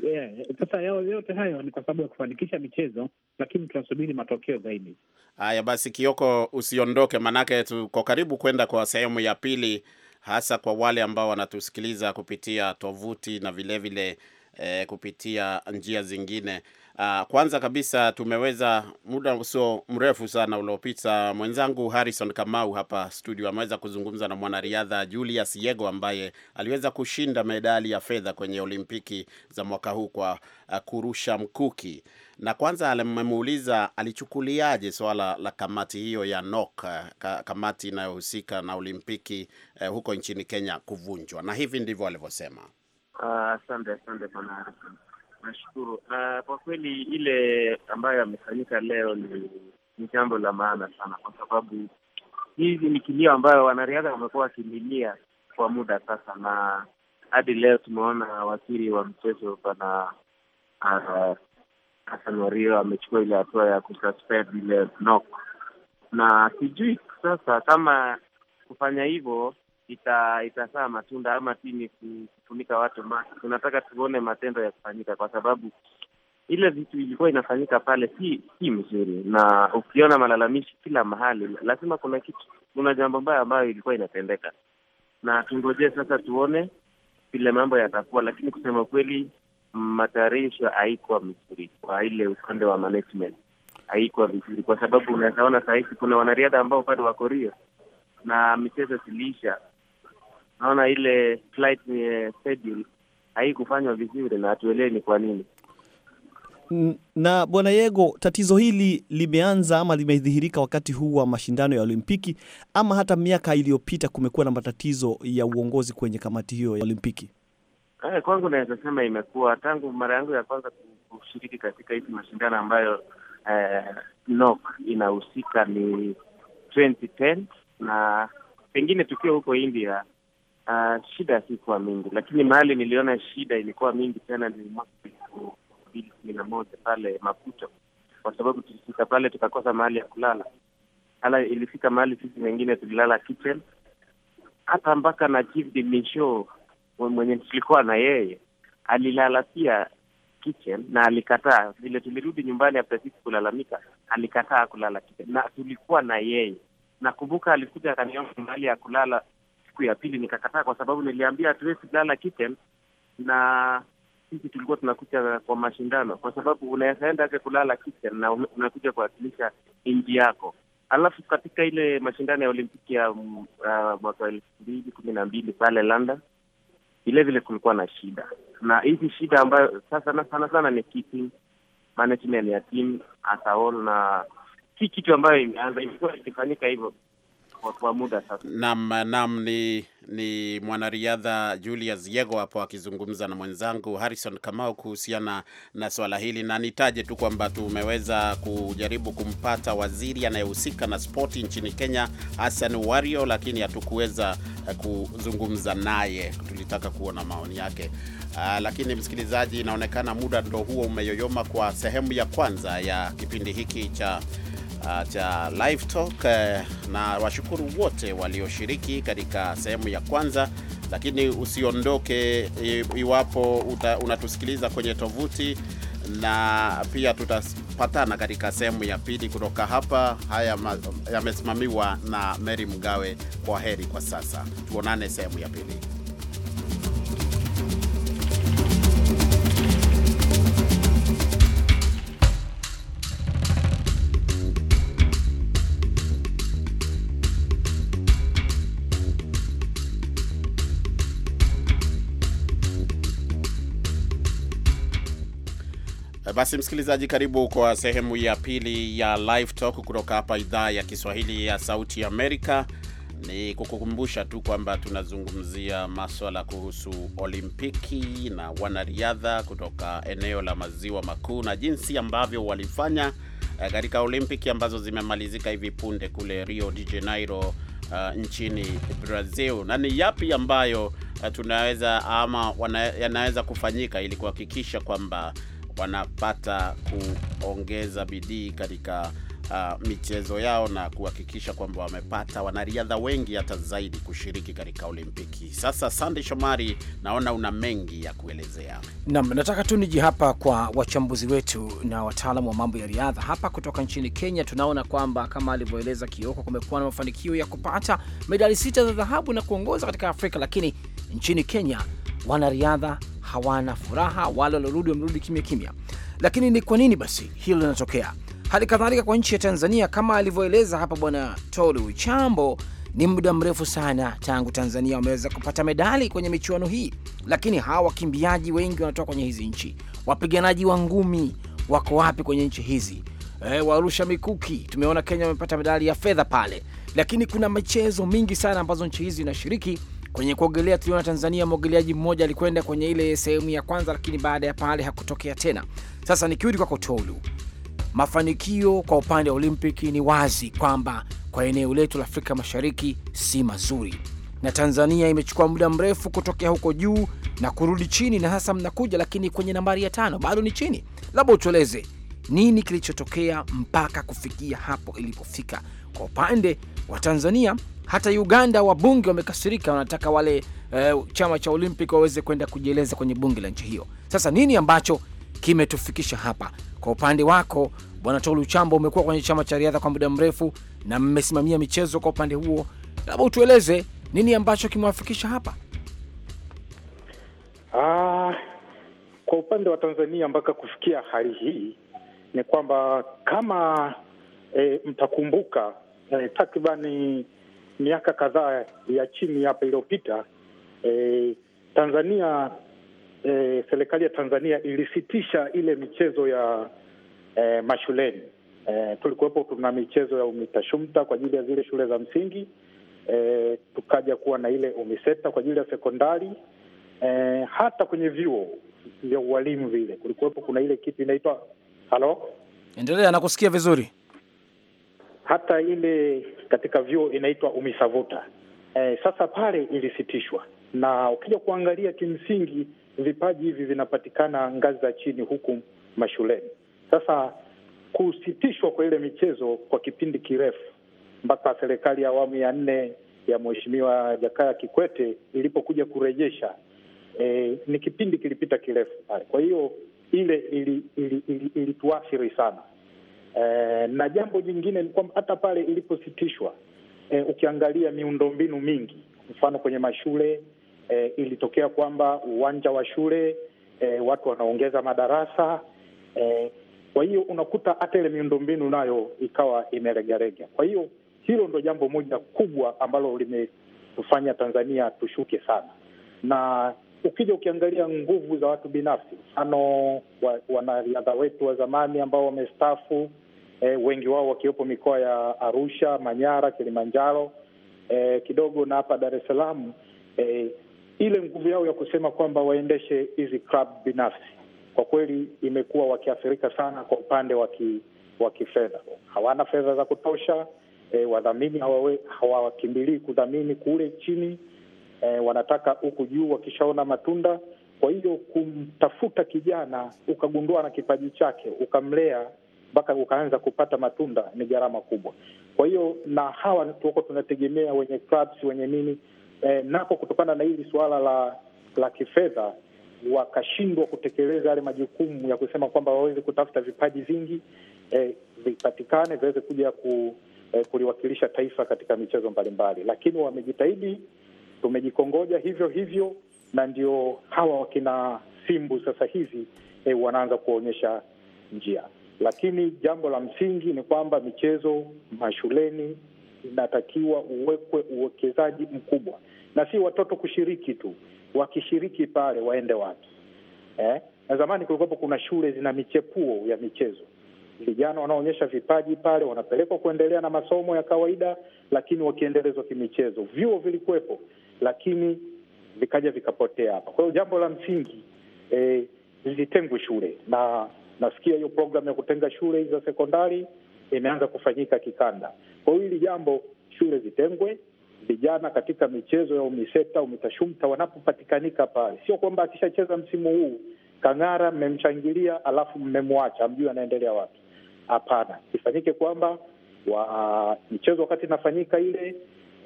eh, sasa yao yote hayo ni kwa sababu ya kufanikisha michezo, lakini tunasubiri matokeo zaidi. Haya basi, Kioko, usiondoke, maanake tuko karibu kwenda kwa sehemu ya pili, hasa kwa wale ambao wanatusikiliza kupitia tovuti na vilevile vile eh, kupitia njia zingine. Ah, kwanza kabisa tumeweza muda usio mrefu sana uliopita, mwenzangu Harrison Kamau hapa studio ameweza kuzungumza na mwanariadha Julius Yego ambaye aliweza kushinda medali ya fedha kwenye Olimpiki za mwaka huu kwa ah, kurusha mkuki, na kwanza alimemuuliza alichukuliaje swala la kamati hiyo ya NOC, ah, kamati inayohusika na Olimpiki eh, huko nchini Kenya kuvunjwa, na hivi ndivyo alivyosema. Ah, asante uh, asante bwana, nashukuru uh, kwa kweli ile ambayo amefanyika leo ni ni jambo la maana sana, kwa sababu hizi ni kilio ambayo wanariadha wamekuwa wakimilia kwa muda sasa, na hadi leo tumeona waziri wa mchezo bwana uh, Hassan Wario amechukua ile hatua ya kususpend ile NOC, na sijui sasa kama kufanya hivyo ita- itazaa matunda ama tini kufunika watu macho. Tunataka tuone matendo ya kufanyika, kwa sababu ile vitu ilikuwa inafanyika pale si si mzuri, na ukiona malalamishi kila mahali, lazima kuna kitu, kuna jambo mbaya ambayo ilikuwa inatendeka, na tungojee sasa tuone vile mambo yatakuwa, lakini kusema kweli, matayarisho haikuwa mzuri kwa ile upande wa management, haikuwa vizuri, kwa sababu unawezaona ona saa hizi kuna wanariadha ambao bado wako Rio na michezo ziliisha naona ile flight eh, schedule haikufanywa vizuri na hatuelewi ni kwa nini. Na Bwana Yego, tatizo hili limeanza ama limedhihirika wakati huu wa mashindano ya Olimpiki ama hata miaka iliyopita kumekuwa na matatizo ya uongozi kwenye kamati hiyo ya Olimpiki? Eh, kwangu naweza sema imekuwa tangu mara yangu ya kwanza kushiriki katika hizi mashindano ambayo eh, NOC inahusika ni 2010 na pengine tukiwa huko India uh, shida sikuwa mingi, lakini mahali niliona shida ilikuwa mingi tena ni mwaka elfu mbili kumi na moja pale Maputo, kwa sababu tulifika pale tukakosa mahali ya kulala. Hala ilifika mahali sisi wengine tulilala kitchen, hata mpaka na Chief de Mission mwenye tulikuwa na yeye alilala pia kitchen na alikataa. Vile tulirudi nyumbani after sisi kulalamika, alikataa kulala kitchen na tulikuwa na yeye. Nakumbuka alikuja akaniomba mahali ya kulala siku ya pili nikakataa, kwa sababu niliambia hatuwezi lala kitchen na sisi tulikuwa tunakuja kwa mashindano, kwa sababu unaenda ake kulala kitchen na unakuja kuwakilisha nchi yako. Alafu katika ile mashindano ya Olimpiki mm, ya mwaka wa elfu mbili kumi na mbili pale London vilevile kulikuwa na shida, na hizi shida ambayo sasa sana sana, sana ni keeping management ya team as a whole, na si kitu ambayo imeanza, imekuwa ikifanyika hivyo kwa, kwa muda sasa. Naam, naam, ni ni mwanariadha Julius Yego hapo akizungumza na mwenzangu Harrison Kamau kuhusiana na swala hili, na nitaje tu kwamba tumeweza kujaribu kumpata waziri anayehusika na spoti nchini Kenya, Hassan Wario, lakini hatukuweza kuzungumza naye, tulitaka kuona maoni yake. Uh, lakini msikilizaji, inaonekana muda ndo huo umeyoyoma kwa sehemu ya kwanza ya kipindi hiki cha Ah, cha live talk, eh, na washukuru wote walioshiriki katika sehemu ya kwanza, lakini usiondoke iwapo uta, unatusikiliza kwenye tovuti na pia tutapatana katika sehemu ya pili kutoka hapa. Haya yamesimamiwa na Mary Mgawe. Kwa heri kwa sasa, tuonane sehemu ya pili. Basi msikilizaji, karibu kwa sehemu ya pili ya Live Talk kutoka hapa idhaa ya Kiswahili ya Sauti Amerika. Ni kukukumbusha tu kwamba tunazungumzia maswala kuhusu Olimpiki na wanariadha kutoka eneo la maziwa makuu na jinsi ambavyo walifanya eh, katika Olimpiki ambazo zimemalizika hivi punde kule Rio de Janeiro, uh, nchini Brazil, na ni yapi ambayo eh, tunaweza ama yanaweza kufanyika ili kuhakikisha kwamba wanapata kuongeza bidii katika uh, michezo yao na kuhakikisha kwamba wamepata wanariadha wengi hata zaidi kushiriki katika Olimpiki. Sasa Sande Shomari, naona una mengi ya kuelezea. Naam, nataka tu niji hapa kwa wachambuzi wetu na wataalamu wa mambo ya riadha hapa kutoka nchini Kenya. Tunaona kwamba kama alivyoeleza Kioko, kumekuwa na mafanikio ya kupata medali sita za dhahabu na kuongoza katika Afrika, lakini Nchini Kenya wanariadha hawana furaha, wale waliorudi wamerudi kimya kimya. Lakini ni kwa nini basi hilo linatokea? Hali kadhalika kwa nchi ya Tanzania, kama alivyoeleza hapa bwana Tolu Chambo, ni muda mrefu sana tangu Tanzania wameweza kupata medali kwenye michuano hii, lakini hawa wakimbiaji wengi wanatoka kwenye hizi nchi. Wapiganaji wa ngumi wako wapi kwenye nchi hizi? E, eh, warusha mikuki, tumeona Kenya wamepata medali ya fedha pale, lakini kuna michezo mingi sana ambazo nchi hizi inashiriki Kwenye kuogelea tuliona Tanzania, mwogeleaji mmoja alikwenda kwenye ile sehemu ya kwanza, lakini baada ya pale hakutokea tena. Sasa nikirudi kwako Tolu, mafanikio kwa upande wa Olimpiki ni wazi kwamba kwa eneo letu la Afrika Mashariki si mazuri, na Tanzania imechukua muda mrefu kutokea huko juu na kurudi chini, na sasa mnakuja lakini kwenye nambari ya tano bado ni chini. Labda utueleze nini kilichotokea mpaka kufikia hapo ilipofika kwa upande wa Tanzania hata Uganda wabunge wamekasirika, wanataka wale eh, chama cha Olympic waweze kwenda kujieleza kwenye bunge la nchi hiyo. Sasa nini ambacho kimetufikisha hapa? Kwa upande wako Bwana Tolu Chambo, umekuwa kwenye chama cha riadha kwa muda mrefu na mmesimamia michezo kwa upande huo, labda utueleze nini ambacho kimewafikisha hapa? Ah, kwa upande wa Tanzania mpaka kufikia hali hii ni kwamba kama e, mtakumbuka e, takribani miaka kadhaa ya chini hapa iliyopita eh, Tanzania eh, serikali ya Tanzania ilisitisha ile michezo ya eh, mashuleni eh, tulikuwepo tuna michezo ya UMITASHUMTA kwa ajili ya zile shule za msingi eh, tukaja kuwa na ile UMISETA kwa ajili ya sekondari eh, hata kwenye vyuo vya ualimu vile kulikuwepo kuna ile kitu inaitwa halo. Endelea, nakusikia vizuri hata ile katika vyuo inaitwa umisavuta. Eh, sasa pale ilisitishwa, na ukija kuangalia kimsingi vipaji hivi vinapatikana ngazi za chini huku mashuleni. Sasa kusitishwa kwa ile michezo kwa kipindi kirefu mpaka serikali ya awamu ya nne ya mweshimiwa Jakaya Kikwete ilipokuja kurejesha, e, ni kipindi kilipita kirefu pale, kwa hiyo ile ilituathiri ili, ili, ili sana e, na jambo jingine ni kwamba hata pale ilipositishwa e, ukiangalia miundombinu mingi, mfano kwenye mashule e, ilitokea kwamba uwanja wa shule e, watu wanaongeza madarasa e, kwa hiyo unakuta hata ile miundombinu nayo ikawa imeregarega. Kwa hiyo hilo ndo jambo moja kubwa ambalo limetufanya Tanzania tushuke sana, na ukija ukiangalia nguvu za watu binafsi, mfano wanariadha wetu wa zamani ambao wamestaafu e, wengi wao wakiwepo mikoa ya Arusha, Manyara, Kilimanjaro e, kidogo na hapa Dar es Salaam e, ile nguvu yao ya kusema kwamba waendeshe hizi club binafsi kwa kweli imekuwa wakiathirika sana kwa upande wa kifedha. Hawana fedha za kutosha e, wadhamini hawawakimbilii kudhamini kule chini e, wanataka huku juu wakishaona matunda. Kwa hiyo kumtafuta kijana ukagundua na kipaji chake ukamlea mpaka ukaanza kupata matunda ni gharama kubwa. Kwa hiyo na hawa tuko tunategemea wenye clubs, wenye nini e, napo kutokana na hili suala la la kifedha wakashindwa kutekeleza yale majukumu ya kusema kwamba waweze kutafuta vipaji vingi e, vipatikane viweze kuja ku, e, kuliwakilisha taifa katika michezo mbalimbali, lakini wamejitahidi, tumejikongoja hivyo hivyo, na ndio hawa wakina Simbu sasa hivi e, wanaanza kuonyesha njia. Lakini jambo la msingi ni kwamba michezo mashuleni inatakiwa uwekwe uwekezaji mkubwa, na si watoto kushiriki tu, wakishiriki pale waende wapi eh? Na zamani kulikuwepo kuna shule zina michepuo ya michezo. Vijana wanaoonyesha vipaji pale wanapelekwa kuendelea na masomo ya kawaida, lakini wakiendelezwa kimichezo. Vyuo vilikuwepo, lakini vikaja vikapotea hapa. Kwa hiyo jambo la msingi eh, zitengwe shule na Nasikia hiyo programu ya kutenga shule hizi za sekondari imeanza kufanyika kikanda. Kwa hiyo hili jambo, shule zitengwe, vijana katika michezo ya UMISETA UMITASHUMTA wanapopatikanika pale, sio kwamba akishacheza msimu huu kang'ara, mmemshangilia alafu mmemwacha, amjui anaendelea wapi. Hapana, ifanyike kwamba wa michezo wakati inafanyika ile,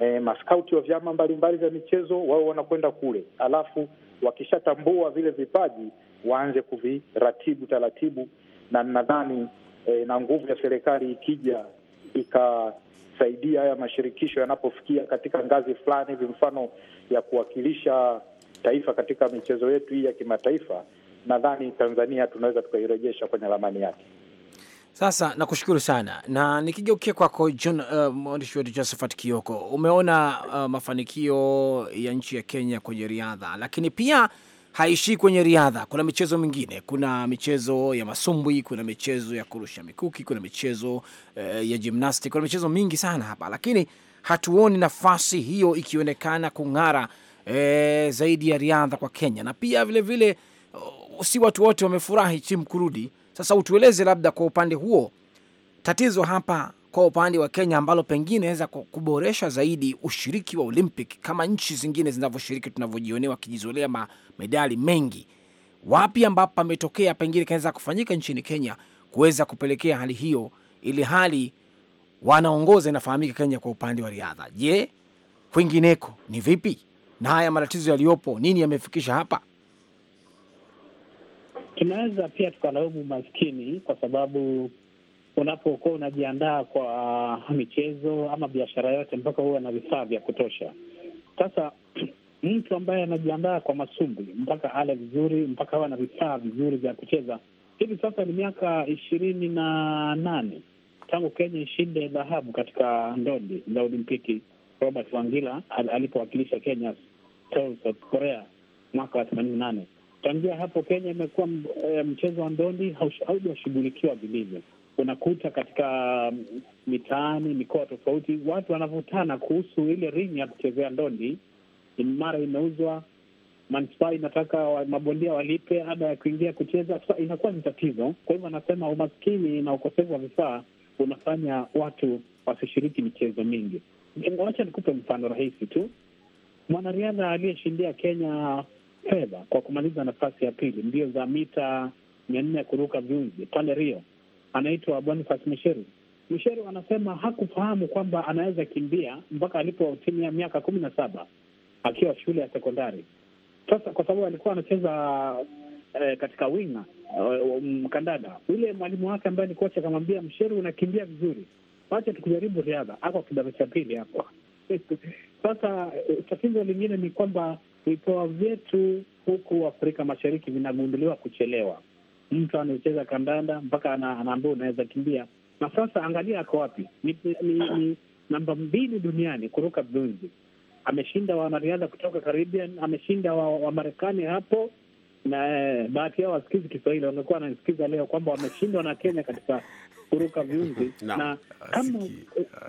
e, eh, maskauti wa vyama mbalimbali vya michezo wao wanakwenda kule alafu wakishatambua vile vipaji waanze kuviratibu taratibu, na nadhani e, na nguvu ya serikali ikija ikasaidia haya mashirikisho yanapofikia katika ngazi fulani hivi, mfano ya kuwakilisha taifa katika michezo yetu hii ya kimataifa, nadhani Tanzania tunaweza tukairejesha kwenye ramani yake. Sasa nakushukuru sana, na nikigeukia kwako uh, mwandishi wetu Josephat Kioko, umeona uh, mafanikio ya nchi ya Kenya kwenye riadha, lakini pia haishii kwenye riadha. Kuna michezo mingine, kuna michezo ya masumbwi, kuna michezo ya kurusha mikuki, kuna michezo uh, ya jimnasti kuna michezo mingi sana hapa, lakini hatuoni nafasi hiyo ikionekana kung'ara eh, zaidi ya riadha kwa Kenya, na pia vilevile vile, uh, si watu wote wamefurahi timu kurudi sasa utueleze labda kwa upande huo tatizo hapa kwa upande wa Kenya ambalo pengine naweza kuboresha zaidi ushiriki wa Olympic kama nchi zingine zinavyoshiriki, tunavyojionea wakijizolea ma medali mengi, wapi ambapo pametokea pengine kinaweza kufanyika nchini Kenya kuweza kupelekea hali hiyo, ili hali wanaongoza inafahamika Kenya kwa upande wa riadha. Je, kwingineko ni vipi? Na haya matatizo yaliyopo, nini yamefikisha hapa? tunaweza pia tukalaumu maskini kwa sababu unapokuwa unajiandaa kwa michezo ama biashara yote, mpaka huwa na vifaa vya kutosha. Sasa (clears throat) mtu ambaye anajiandaa kwa masumbwi, mpaka ale vizuri, mpaka awe na vifaa vizuri vya kucheza. Hivi sasa ni miaka ishirini na nane tangu Kenya ishinde dhahabu katika ndondi za Olimpiki. Robert Wangila alipowakilisha Kenya South Korea mwaka wa themanini nane. Tangia hapo Kenya imekuwa eh, mchezo wa ndondi haujashughulikiwa vilivyo. Unakuta katika mm, mitaani, mikoa tofauti, watu wanavutana kuhusu ile ring ya kuchezea ndondi. Mara imeuzwa, manispaa inataka mabondia walipe ada ya kuingia kucheza. Sasa inakuwa ni tatizo. Kwa hivyo anasema umaskini na ukosefu wa vifaa unafanya watu wasishiriki michezo mingi. Wacha nikupe mfano rahisi tu, mwanariadha aliyeshindia Kenya fedha kwa kumaliza nafasi ya pili mbio za mita mia nne ya kuruka viunzi pale Rio. Anaitwa Boniface Misheru. Misheru anasema hakufahamu kwamba anaweza kimbia mpaka alipotimia miaka kumi na saba akiwa shule ya sekondari. Sasa kwa sababu alikuwa anacheza eh, katika winga mkandada, eh, um, yule mwalimu wake ambaye ni kocha akamwambia, Msheru unakimbia vizuri, wacha tukujaribu riadha. Ako kidato cha pili hapo. (laughs) Sasa eh, tatizo lingine ni kwamba vipawa vyetu huku Afrika Mashariki vinagunduliwa kuchelewa. Mtu anacheza kandanda mpaka anaambia unaweza kimbia, na sasa angalia ako wapi. Ni, ni, ni namba mbili duniani kuruka viunzi, ameshinda wanariadha kutoka Caribbean, ameshinda Wamarekani wa hapo na eh, bahati yao wasikizi Kiswahili, wangekuwa wanasikiza leo kwamba wameshindwa na Kenya katika kuruka viunzi na, na kama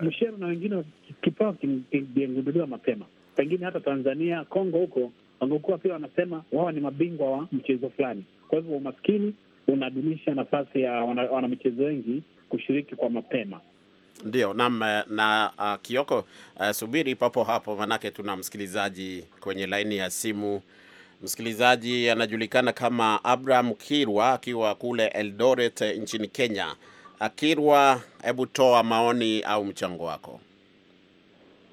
Mshero na wengine kipawa kingegunduliwa mapema pengine hata Tanzania, Kongo huko wangekuwa pia wanasema wao ni mabingwa wa mchezo fulani. Kwa hivyo umaskini unadumisha nafasi ya wanamichezo wana wengi kushiriki kwa mapema. Ndio nam eh, na, na uh, Kioko uh, subiri papo hapo, manake tuna msikilizaji kwenye laini ya simu. Msikilizaji anajulikana kama Abraham Kirwa akiwa kule Eldoret eh, nchini Kenya. akirwa ah, hebu toa maoni au mchango wako.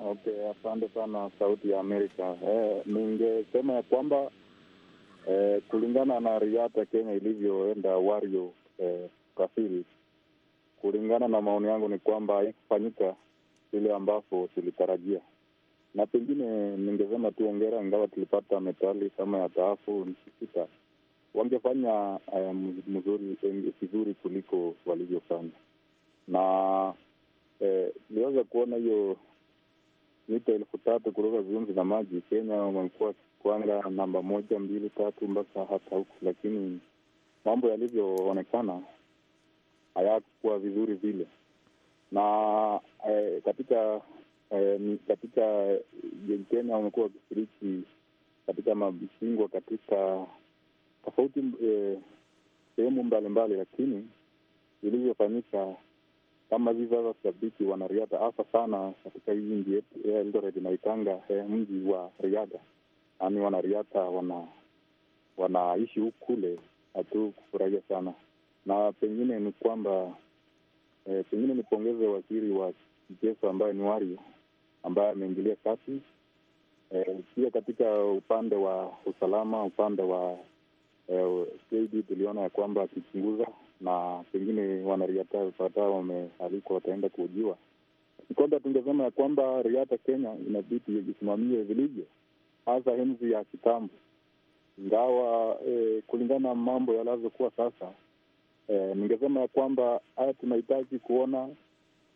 Okay, asante sana Sauti ya Amerika. Eh, ningesema ya kwamba eh, kulingana na riata Kenya ilivyoenda Wario eh, Kafiri, kulingana na maoni yangu ni kwamba haikufanyika vile ambavyo tulitarajia, na pengine ningesema tu ongera, ingawa tulipata metali kama ya taafu sita, wangefanya eh, mzuri vizuri eh, kuliko walivyofanya na eh, liweza kuona hiyo lita elfu tatu kutoka viunzi na maji. Kenya wamekuwa kwanga namba moja, mbili, tatu mpaka hata huku, lakini mambo yalivyoonekana hayakuwa vizuri vile na eh, katika eh, katika eh, Kenya wamekuwa wakishiriki katika mabingwa katika tofauti eh, sehemu eh, mbalimbali, lakini ilivyofanyika kama hivi sasa wanariadha hasa sana katika hii nchi yetu eh, Eldoret inaitanga eh, mji wa riadha, yaani wanariadha wana wanaishi huku kule, hatu kufurahia sana na pengine ni kwamba eh, pengine nipongeze waziri wa michezo ambaye ni Wario ambaye ameingilia kati eh, pia eh, katika upande wa usalama, upande wa eh, tuliona ya kwamba akichunguza na pengine wanariata kadhaa wamealikwa wataenda kuujiwa. ni kwamba tungesema ya kwamba riata Kenya inabidi isimamiwe vilivyo, hasa enzi ya kitambo, ingawa eh, kulingana na mambo yalazokuwa sasa eh, ningesema ya kwamba haya tunahitaji kuona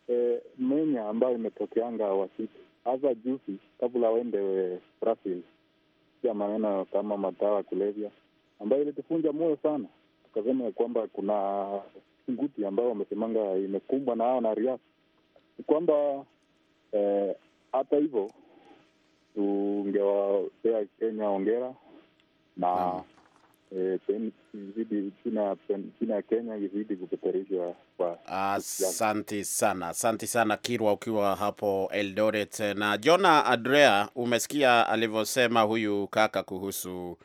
eh, menya ambayo imetokeanga wasitu hasa juzi kabla waende eh, Brazil ya maneno kama madawa kulevya ambayo ilitufunja moyo sana tukasema kwamba kuna nguti ambayo wamesemanga imekumbwa na hao na Rias, ni kwamba eh, hata eh, hivyo tungewapea Kenya ongera na hmm. eh, china ya Kenya izidi kupeperishwa kwa. Asante sana, asante sana Kirwa, ukiwa hapo Eldoret. Na Jona Andrea, umesikia alivyosema huyu kaka kuhusu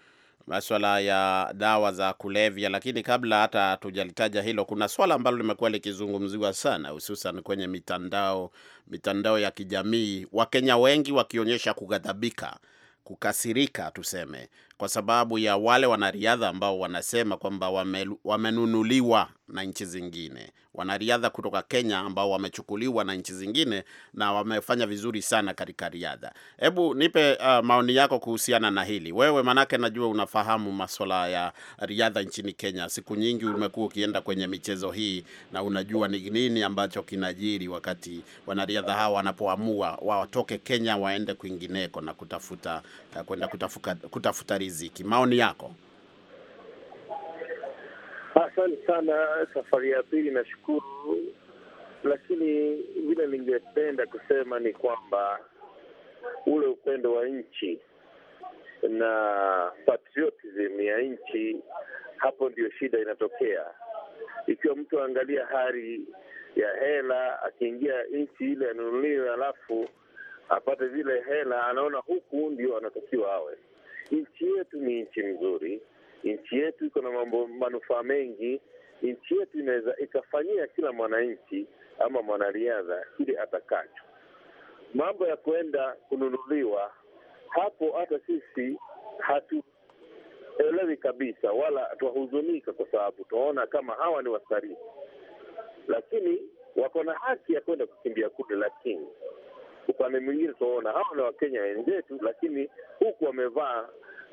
maswala ya dawa za kulevya, lakini kabla hata tujalitaja hilo, kuna swala ambalo limekuwa likizungumziwa sana, hususan kwenye mitandao mitandao ya kijamii, Wakenya wengi wakionyesha kughadhabika, kukasirika tuseme, kwa sababu ya wale wanariadha ambao wanasema kwamba wame, wamenunuliwa na nchi zingine, wanariadha kutoka Kenya ambao wamechukuliwa na nchi zingine na wamefanya vizuri sana katika riadha. Hebu nipe uh, maoni yako kuhusiana na hili wewe, manake najua unafahamu maswala ya riadha nchini Kenya. Siku nyingi umekuwa ukienda kwenye michezo hii na unajua ni nini ambacho kinajiri wakati wanariadha hawa wanapoamua watoke Kenya waende kwingineko na kutafuta uh, kwenda kutafuta, kutafuta riziki. Maoni yako? Asante sana. Safari ya pili nashukuru, lakini vile ningependa kusema ni kwamba ule upendo wa nchi na patriotism ya nchi, hapo ndio shida inatokea. Ikiwa mtu aangalia hali ya hela, akiingia nchi ile anunuliwe, alafu apate vile hela, anaona huku ndio anatakiwa awe nchi yetu ni nchi nzuri, nchi yetu iko na mambo manufaa mengi, nchi yetu inaweza ikafanyia kila mwananchi ama mwanariadha kile atakacho. Mambo ya kuenda kununuliwa hapo, hata sisi hatuelewi kabisa, wala twahuzunika, kwa sababu tunaona kama hawa ni wasarifu, lakini wako na haki ya kwenda kukimbia kule, lakini upande mwingine tunaona hawa ni Wakenya wenzetu, lakini huku wamevaa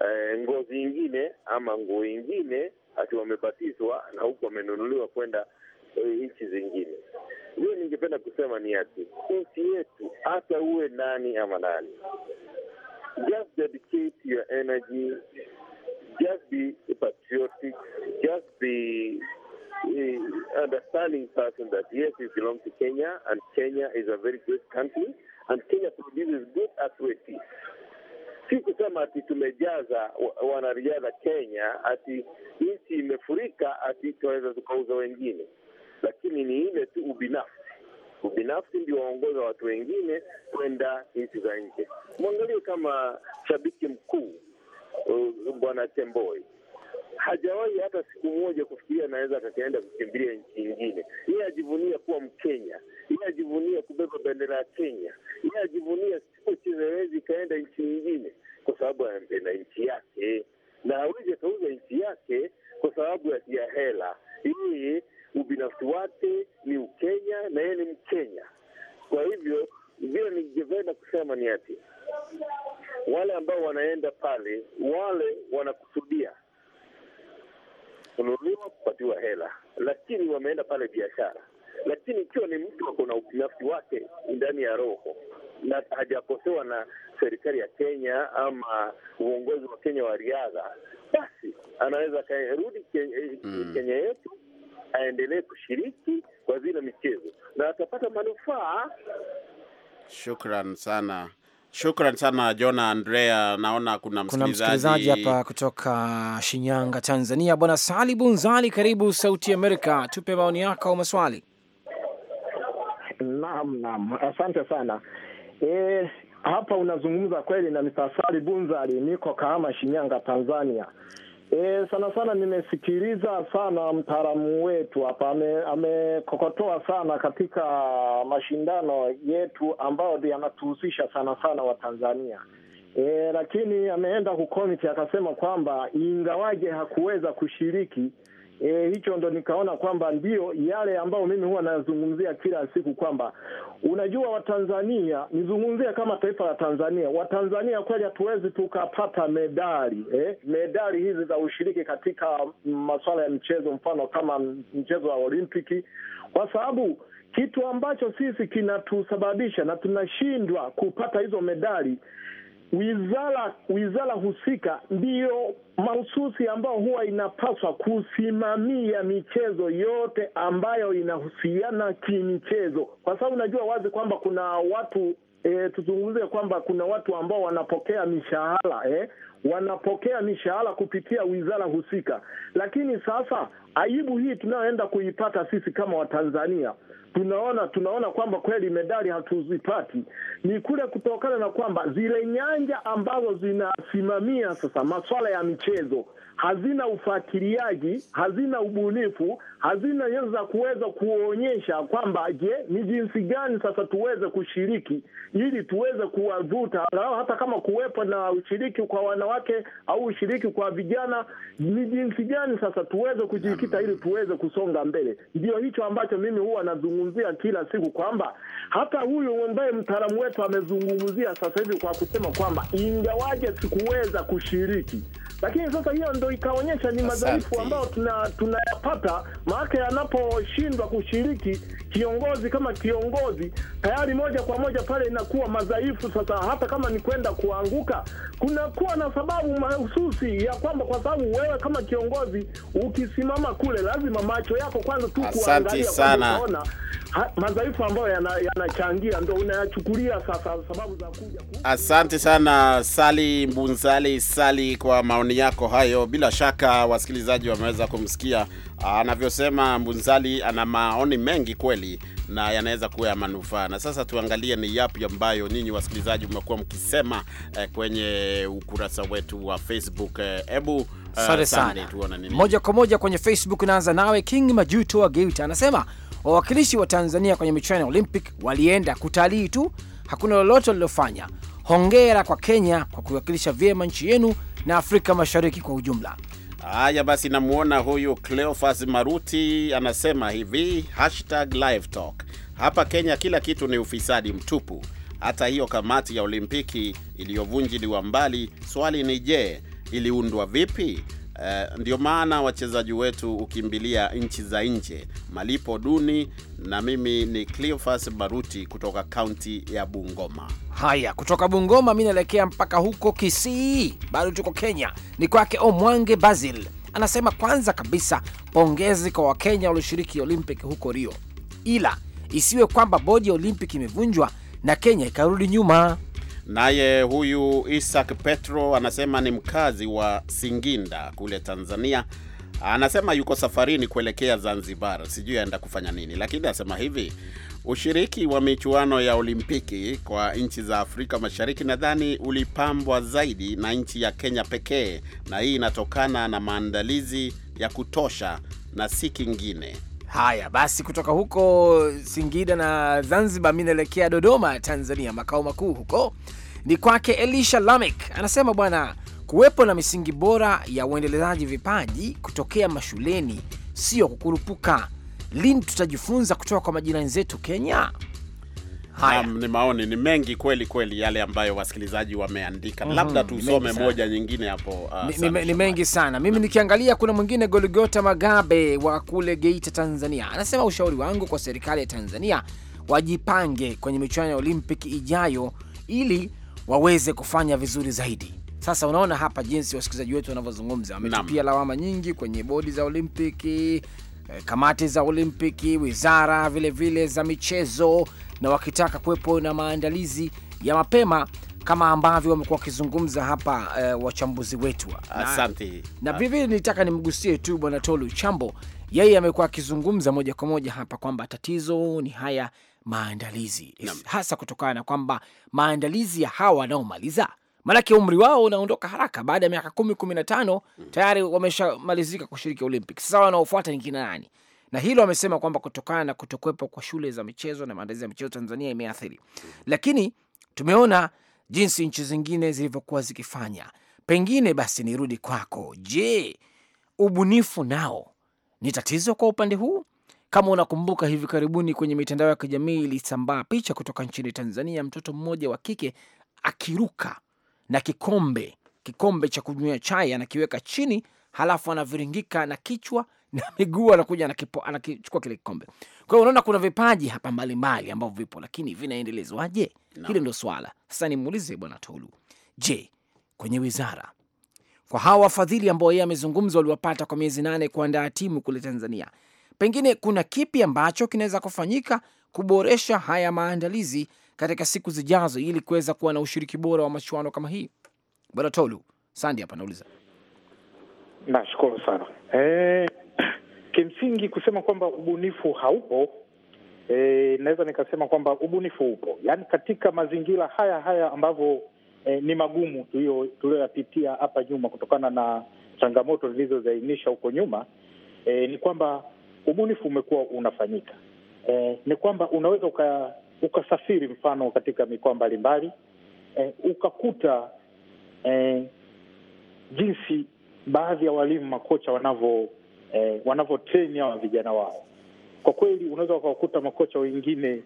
eh, ngozi ingine ama nguo ingine, ati wamebatizwa na huku wamenunuliwa kwenda eh, nchi zingine. Hiyo ningependa kusema ni ati nchi yetu, hata uwe nani ama nani, just dedicate your energy, just be patriotic, just be eh, understanding person that yes, you belong to Kenya and Kenya is a very great country and Kenya produces good athletes. Si kusema ati tumejaza wanariadha Kenya, ati nchi imefurika, ati tunaweza tukauza wengine, lakini ni ile tu ubinafsi ubinafsi ndio waongoza watu wengine kwenda nchi za nje. Mwangalie kama shabiki mkuu uh, Bwana Temboi hajawahi hata siku moja kufikiria anaweza akaenda kukimbilia nchi nyingine. Yeye ajivunia kuwa Mkenya, yeye ajivunia kubeba bendera ya Kenya, yeye ajivunia siku chezelezi ikaenda nchi nyingine, kwa sababu anapenda nchi yake na hawezi akauza nchi yake kwa sababu ya hela. Yeye ubinafsi wake ni Ukenya na yeye ni Mkenya. Kwa hivyo vile ningependa kusema ni ati wale ambao wanaenda pale, wale wanakusudia kununuliwa, kupatiwa hela, lakini wameenda pale biashara. Lakini ikiwa ni mtu ako na ubinafsi wake ndani ya roho na hajakosewa na serikali ya Kenya ama uongozi wa Kenya wa riadha, basi anaweza akarudi mm. Kenya yetu aendelee kushiriki kwa zile michezo na atapata manufaa. Shukran sana Shukran sana Jona Andrea. Naona kuna msikilizaji hapa kutoka Shinyanga, Tanzania, Bwana Sali Bunzali, karibu Sauti Amerika, tupe maoni yako au maswali. Naam, naam, asante sana e, hapa unazungumza kweli na Mr. Sali Bunzali, niko Kahama, Shinyanga, Tanzania. E, sana sana nimesikiliza sana mtaalamu wetu hapa amekokotoa ame sana katika mashindano yetu ambayo yanatuhusisha sana sana Watanzania. E, lakini ameenda kukomiti akasema kwamba ingawaje hakuweza kushiriki E, hicho ndo nikaona kwamba ndiyo yale ambayo mimi huwa nazungumzia kila siku kwamba unajua, Watanzania nizungumzia kama taifa la Tanzania. Watanzania kweli hatuwezi tukapata medali eh, medali hizi za ushiriki katika masuala ya mchezo mfano kama mchezo wa Olimpiki, kwa sababu kitu ambacho sisi kinatusababisha na tunashindwa kupata hizo medali wizara wizara husika ndiyo mahususi ambayo huwa inapaswa kusimamia michezo yote ambayo inahusiana kimichezo, kwa sababu najua wazi kwamba kuna watu E, tuzungumze kwamba kuna watu ambao wanapokea mishahara eh, wanapokea mishahara kupitia wizara husika, lakini sasa aibu hii tunayoenda kuipata sisi kama Watanzania tunaona tunaona kwamba kweli medali hatuzipati, ni kule kutokana na kwamba zile nyanja ambazo zinasimamia sasa masuala ya michezo hazina ufuatiliaji, hazina ubunifu, hazina nyanja za kuweza kuonyesha kwamba je, ni jinsi gani sasa tuweze kushiriki ili tuweze kuwavuta, na hata kama kuwepo na ushiriki kwa wanawake au ushiriki kwa vijana, ni jinsi gani sasa tuweze kujikia kujikita ili tuweze kusonga mbele. Ndio hicho ambacho mimi huwa nazungumzia kila siku kwamba hata huyu ambaye mtaalamu wetu amezungumzia sasa hivi kwa kusema kwamba ingawaje sikuweza kushiriki lakini sasa hiyo ndo ikaonyesha ni madhaifu ambayo tunayapata tuna, maake yanaposhindwa kushiriki kiongozi kama kiongozi tayari moja kwa moja pale inakuwa madhaifu. Sasa hata kama ni kwenda kuanguka, kunakuwa na sababu mahususi ya kwamba, kwa sababu wewe kama kiongozi ukisimama kule, lazima macho yako kwanza tu kuangalia. Asante madhaifa ambayo yanachangia yana ndio unayachukulia sasa sababu za kuja. Asante sana Sali Mbunzali Sali kwa maoni yako hayo. Bila shaka wasikilizaji wameweza kumsikia ah, anavyosema Mbunzali. Ana maoni mengi kweli na yanaweza kuwa ya manufaa, na sasa tuangalie ni yapi ambayo ninyi wasikilizaji mmekuwa mkisema eh, kwenye ukurasa wetu wa Facebook. Eh, hebu eh, eh, tuone nini moja kwa moja kwenye Facebook. Naanza nawe King Majuto wa Geita anasema Wawakilishi wa Tanzania kwenye michuano ya Olympic walienda kutalii tu, hakuna lolote walilofanya. Hongera kwa Kenya kwa kuwakilisha vyema nchi yenu na Afrika Mashariki kwa ujumla. Haya basi, namwona huyu Cleofas Maruti anasema hivi hashtag live talk, hapa Kenya kila kitu ni ufisadi mtupu, hata hiyo kamati ya Olimpiki iliyovunjiliwa mbali. Swali ni je, iliundwa vipi? Eh, ndio maana wachezaji wetu ukimbilia nchi za nje, malipo duni. Na mimi ni Cleophas Baruti kutoka kaunti ya Bungoma. Haya, kutoka Bungoma mi naelekea mpaka huko Kisii, bado tuko Kenya. Ni kwake Omwange Basil, anasema kwanza kabisa pongezi kwa Wakenya walioshiriki Olympic huko Rio, ila isiwe kwamba bodi ya Olympic imevunjwa na Kenya ikarudi nyuma. Naye huyu Isaac Petro anasema ni mkazi wa Singinda kule Tanzania. Anasema yuko safarini kuelekea Zanzibar, sijui aenda kufanya nini, lakini anasema hivi, ushiriki wa michuano ya Olimpiki kwa nchi za Afrika Mashariki nadhani ulipambwa zaidi na nchi ya Kenya pekee, na hii inatokana na maandalizi ya kutosha na si kingine. Haya basi, kutoka huko Singida na Zanzibar, mi naelekea Dodoma, Tanzania, makao makuu huko ni kwake Elisha Lamek. Anasema bwana, kuwepo na misingi bora ya uendelezaji vipaji kutokea mashuleni, sio kukurupuka. Lini tutajifunza kutoka kwa majirani zetu Kenya? Um, ni maoni ni mengi kweli kweli yale ambayo wasikilizaji wameandika. Mm -hmm. Labda tusome moja nyingine hapo. Uh, ni, ni, ni mengi sana. Mimi nikiangalia kuna mwingine goligota Magabe wa kule Geita Tanzania. Anasema ushauri wangu kwa serikali ya Tanzania wajipange kwenye michuano ya Olympic ijayo ili waweze kufanya vizuri zaidi. Sasa unaona hapa jinsi wasikilizaji wetu wanavyozungumza, wametupia lawama nyingi kwenye bodi za Olimpiki, eh, kamati za Olimpiki, wizara vilevile vile za michezo na wakitaka kuwepo na maandalizi ya mapema kama ambavyo wamekuwa wakizungumza hapa uh, wachambuzi wetu. Asante. Na vilevile nilitaka nimgusie tu bwana Tolu Chambo, yeye amekuwa akizungumza moja kwa moja hapa kwamba tatizo ni haya maandalizi Nam. hasa kutokana na kwamba maandalizi ya hawa wanaomaliza maanake umri wao unaondoka haraka baada ya miaka kumi kumi na tano mm. tayari wameshamalizika kushiriki Olympics. Sasa wanaofuata ni kina nani? na hilo amesema kwamba kutokana na kutokuwepo kwa shule za michezo na maandalizi ya michezo Tanzania imeathiri, lakini tumeona jinsi nchi zingine zilivyokuwa zikifanya. Pengine basi nirudi kwako. Je, ubunifu nao ni tatizo kwa upande huu? Kama unakumbuka, hivi karibuni kwenye mitandao ya kijamii ilisambaa picha kutoka nchini Tanzania, mtoto mmoja wa kike akiruka na kikombe kikombe cha kunywa chai anakiweka chini, halafu anaviringika na kichwa (laughs) na miguu anakuja anakichukua kile kikombe. Kwa hiyo unaona kuna vipaji hapa mbalimbali ambavyo vipo, lakini vinaendelezwaje? No. Hilo ndo swala sasa. Nimuulize bwana Tolu, je, kwenye wizara kwa hawa wafadhili ambao yeye amezungumza waliwapata kwa miezi nane kuandaa timu kule Tanzania, pengine kuna kipi ambacho kinaweza kufanyika kuboresha haya maandalizi katika siku zijazo ili kuweza kuwa na ushiriki bora wa machuano kama hii? Bwana Tolu Sandi hapa nauliza. Nashukuru sana e... Kimsingi kusema kwamba ubunifu haupo, e, naweza nikasema kwamba ubunifu upo, yaani katika mazingira haya haya ambavyo e, ni magumu tuliyoyapitia hapa nyuma kutokana na changamoto zilizozainisha huko nyuma, e, ni kwamba ubunifu umekuwa unafanyika. E, ni kwamba unaweza uka, ukasafiri mfano katika mikoa mbalimbali e, ukakuta e, jinsi baadhi ya walimu makocha wanavyo eh, wanavyotreni hawa vijana wao. Kwa kweli unaweza ukawakuta makocha wengine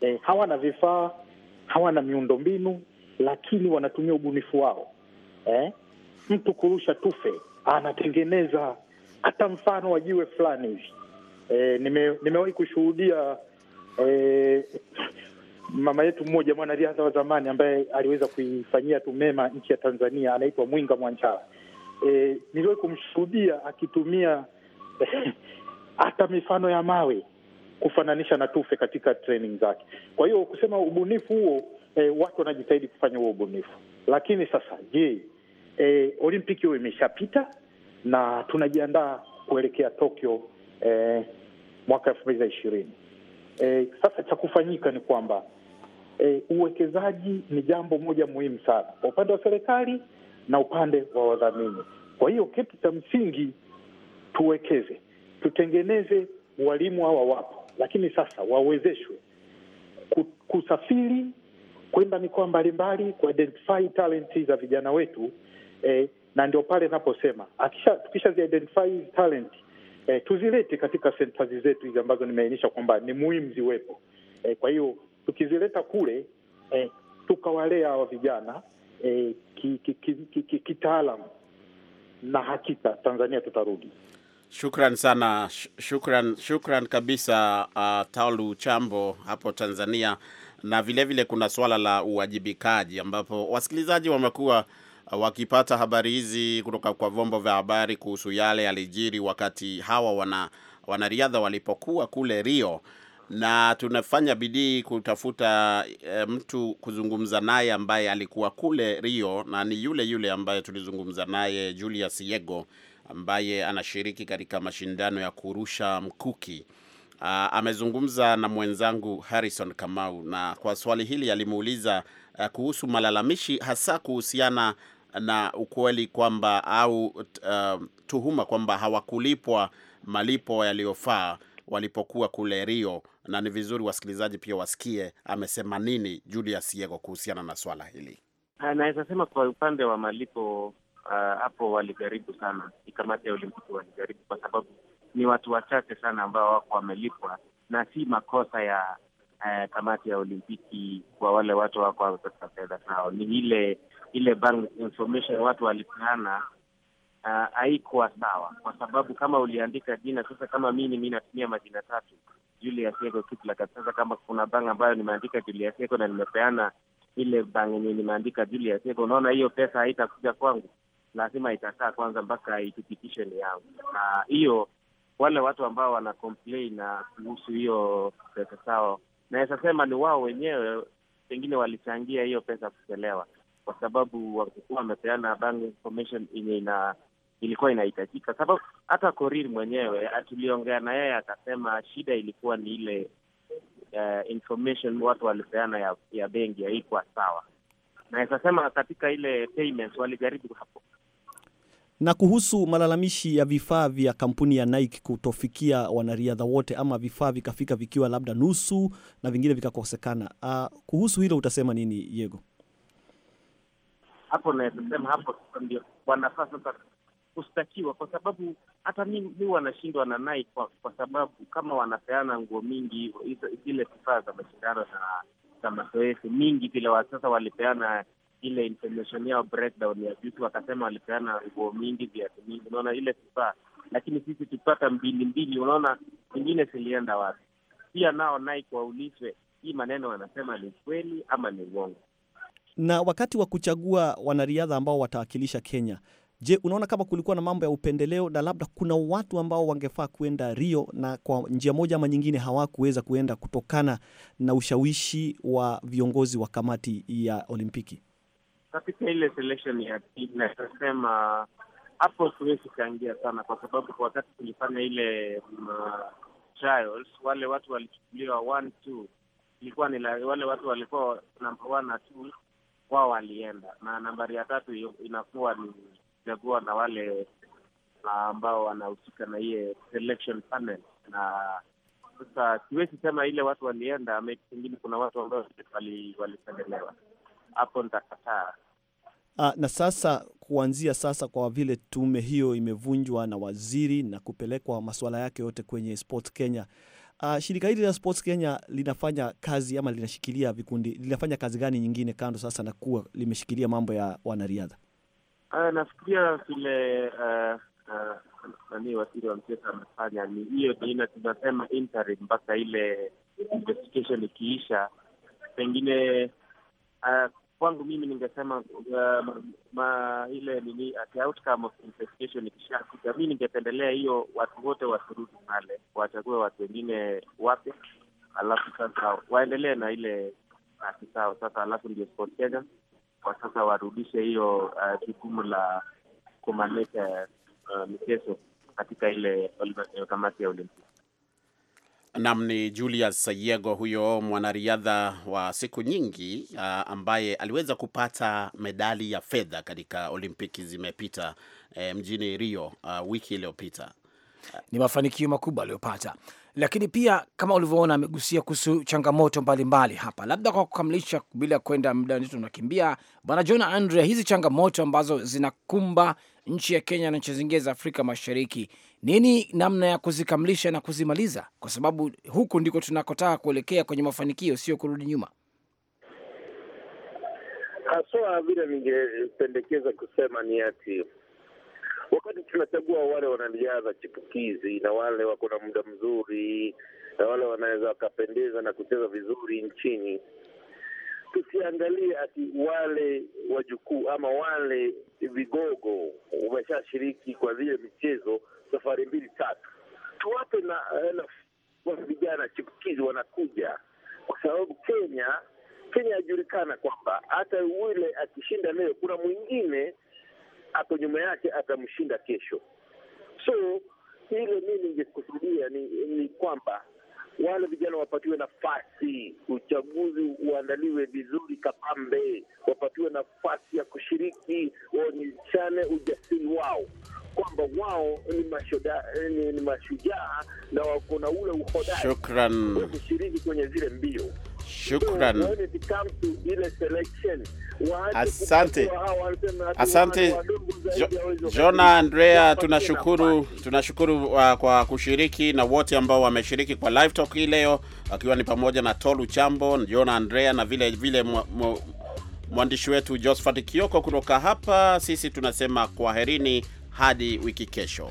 eh, hawana vifaa, hawana miundombinu, lakini wanatumia ubunifu wao eh? Mtu kurusha tufe anatengeneza hata mfano wa jiwe fulani hivi eh, nime, nimewahi kushuhudia eh, mama yetu mmoja mwanariadha wa zamani ambaye aliweza kuifanyia tu mema nchi ya Tanzania, anaitwa Mwinga Mwanjala. E, niliwahi kumshuhudia akitumia (laughs) hata mifano ya mawe kufananisha na tufe katika training zake. Kwa hiyo kusema ubunifu huo eh, watu wanajitahidi kufanya huo ubunifu, lakini sasa je, eh, Olympic hiyo imeshapita na tunajiandaa kuelekea Tokyo eh, mwaka elfu mbili na ishirini. Eh, sasa cha kufanyika ni kwamba eh, uwekezaji ni jambo moja muhimu sana kwa upande wa serikali na upande wa wadhamini. Kwa hiyo kitu cha msingi tuwekeze, tutengeneze. Walimu hawa wapo, lakini sasa wawezeshwe kusafiri kwenda mikoa mbalimbali kuidentify talent za vijana wetu eh, na ndio pale naposema identify talent eh, tuzilete katika centers zetu hizi ambazo nimeainisha kwamba ni muhimu ziwepo. Eh, kwa hiyo tukizileta kule eh, tukawalea hawa vijana eh, kitaalam ki, ki, ki, ki, na hakika Tanzania tutarudi. Shukran sana, shukran, shukran kabisa uh, Taulu Chambo hapo Tanzania. Na vilevile vile kuna swala la uwajibikaji ambapo wasikilizaji wamekuwa uh, wakipata habari hizi kutoka kwa vyombo vya habari kuhusu yale yalijiri wakati hawa wana wanariadha walipokuwa kule Rio, na tunafanya bidii kutafuta e, mtu kuzungumza naye ambaye alikuwa kule Rio na ni yule yule ambaye tulizungumza naye Julius Yego ambaye anashiriki katika mashindano ya kurusha mkuki. Uh, amezungumza na mwenzangu Harrison Kamau na kwa swali hili alimuuliza uh, kuhusu malalamishi hasa kuhusiana na ukweli kwamba au uh, tuhuma kwamba hawakulipwa malipo yaliyofaa walipokuwa kule Rio, na ni vizuri wasikilizaji pia wasikie amesema nini Julius Yego kuhusiana na swala hili. Anaweza sema kwa upande wa malipo Ah, hapo uh, walijaribu sana, ni kamati ya Olimpiki walijaribu, kwa sababu ni watu wachache sana ambao wako wamelipwa, na si makosa ya uh, kamati ya Olimpiki kwa wale watu wako wamepata fedha zao, ni ile ile bank information watu walipeana ah, haikuwa uh, sawa, kwa sababu kama uliandika jina. Sasa kama mimi mi natumia majina tatu, Julius Yego Kiplagat. Sasa kama kuna bank ambayo nimeandika Julius Yego na nimepeana ile bank yenye nimeandika Julius Yego, unaona hiyo pesa haitakuja kwangu lazima itakaa kwanza mpaka ni yangu na hiyo wale watu ambao wana complain na kuhusu hiyo pesa zao, naweza sema ni wao wenyewe pengine walichangia hiyo pesa kuchelewa, kwa sababu wakikuwa wamepeana bank information yenye ina ilikuwa inahitajika. Sababu hata Korir mwenyewe tuliongea na yeye akasema shida ilikuwa ni ile uh, information watu walipeana ya, ya benki haikuwa sawa. Naweza sema katika ile payments walijaribu na kuhusu malalamishi ya vifaa vya kampuni ya Nike kutofikia wanariadha wote ama vifaa vikafika vikiwa labda nusu na vingine vikakosekana, uh, kuhusu hilo utasema nini Yego? Hapo naweza hapo ndio wanafaa sasa kustakiwa, kwa sababu hata mi wanashindwa na Nike kwa, kwa sababu kama wanapeana nguo mingi, zile vifaa za mashindano na za mazoezi mingi vile, sasa walipeana ile information yao breakdown ya vitu, wakasema walipeana nguo mingi, viatu mingi, unaona ile kifaa. Lakini sisi tupata mbili mbili, unaona zingine zilienda wapi? Pia nao Nike waulizwe hii maneno wanasema ni kweli ama ni uongo. Na wakati wa kuchagua wanariadha ambao watawakilisha Kenya, je, unaona kama kulikuwa na mambo ya upendeleo na labda kuna watu ambao wangefaa kuenda Rio na kwa njia moja ama nyingine hawakuweza kuenda kutokana na ushawishi wa viongozi wa kamati ya Olimpiki? katika ile selection ya pili, hapo siwezi changia sana, kwa sababu kwa wakati tulifanya ile mm, trials, wale watu walichukuliwa one two, ilikuwa ni wale watu walikuwa namba one na two, wao walienda na nambari ya tatu inakuwa ni chagua na wale ambao wanahusika na hiye selection panel. Na sasa siwezi sema ile watu walienda, pengine kuna watu ambao walipendelewa, hapo nitakataa. Aa, ah, na sasa kuanzia sasa, kwa vile tume hiyo imevunjwa na waziri na kupelekwa masuala yake yote kwenye Sports Kenya, aa, ah, shirika hili la Sports Kenya linafanya kazi ama linashikilia vikundi, linafanya kazi gani nyingine kando sasa na kuwa limeshikilia mambo ya wanariadha? Uh, nafikiria vile uh, uh, nani waziri wa mchezo amefanya ni hiyo ina tunasema interim mpaka ile investigation ikiisha, pengine uh, kwangu mimi ningesema uh, ma, ile nini outcome of investigation ikishakuja, mi ningependelea hiyo watu wote wasurudi pale, wachague watu wengine wapya, alafu sasa waendelee na ile hati zao sasa, alafu ndio Kenya kwa sasa warudishe hiyo uh, jukumu uh, la kumanisha uh, michezo katika ile kamati ya Olimpiki. Nam ni Julius sayego huyo mwanariadha wa siku nyingi uh, ambaye aliweza kupata medali ya fedha katika Olimpiki zimepita eh, mjini Rio uh, wiki iliyopita. Ni mafanikio makubwa aliyopata, lakini pia kama ulivyoona amegusia kuhusu changamoto mbalimbali mbali hapa. Labda kwa kukamilisha, bila kwenda muda wetu unakimbia, bwana John Andrea, hizi changamoto ambazo zinakumba nchi ya Kenya na nchi zingine za Afrika Mashariki nini namna ya kuzikamilisha na kuzimaliza, kwa sababu huku ndiko tunakotaka kuelekea kwenye mafanikio, sio kurudi nyuma. Haswa vile ningependekeza kusema ni ati wakati tunachagua wale wanariadha chipukizi na wale wako na muda mzuri na wale wanaweza wakapendeza na kucheza vizuri nchini, tusiangalie ati wale wajukuu ama wale vigogo wameshashiriki kwa vile michezo safari mbili tatu, tuwape na elfu eh, vijana chipukizi wanakuja, kwa sababu Kenya Kenya ajulikana kwamba hata yule akishinda leo, kuna mwingine ako nyuma yake atamshinda kesho. So ile mi ningekusudia ni, ni kwamba wale vijana wapatiwe nafasi, uchaguzi uandaliwe vizuri kabambe, wapatiwe nafasi ya kushiriki, waonyeshane ujasiri wao kwamba wao ni mashoda, ni, mashujaa na wako na ule uhodari kushiriki kwenye zile mbio. Shukran. Asante, asante Jona Andrea, tunashukuru tunashukuru uh, kwa kushiriki na wote ambao wameshiriki kwa live talk hii leo, akiwa ni pamoja na Tolu Chambo, Jona Andrea na vile vile mwandishi wetu Josephat Kioko kutoka hapa. Sisi tunasema kwaherini hadi wiki kesho.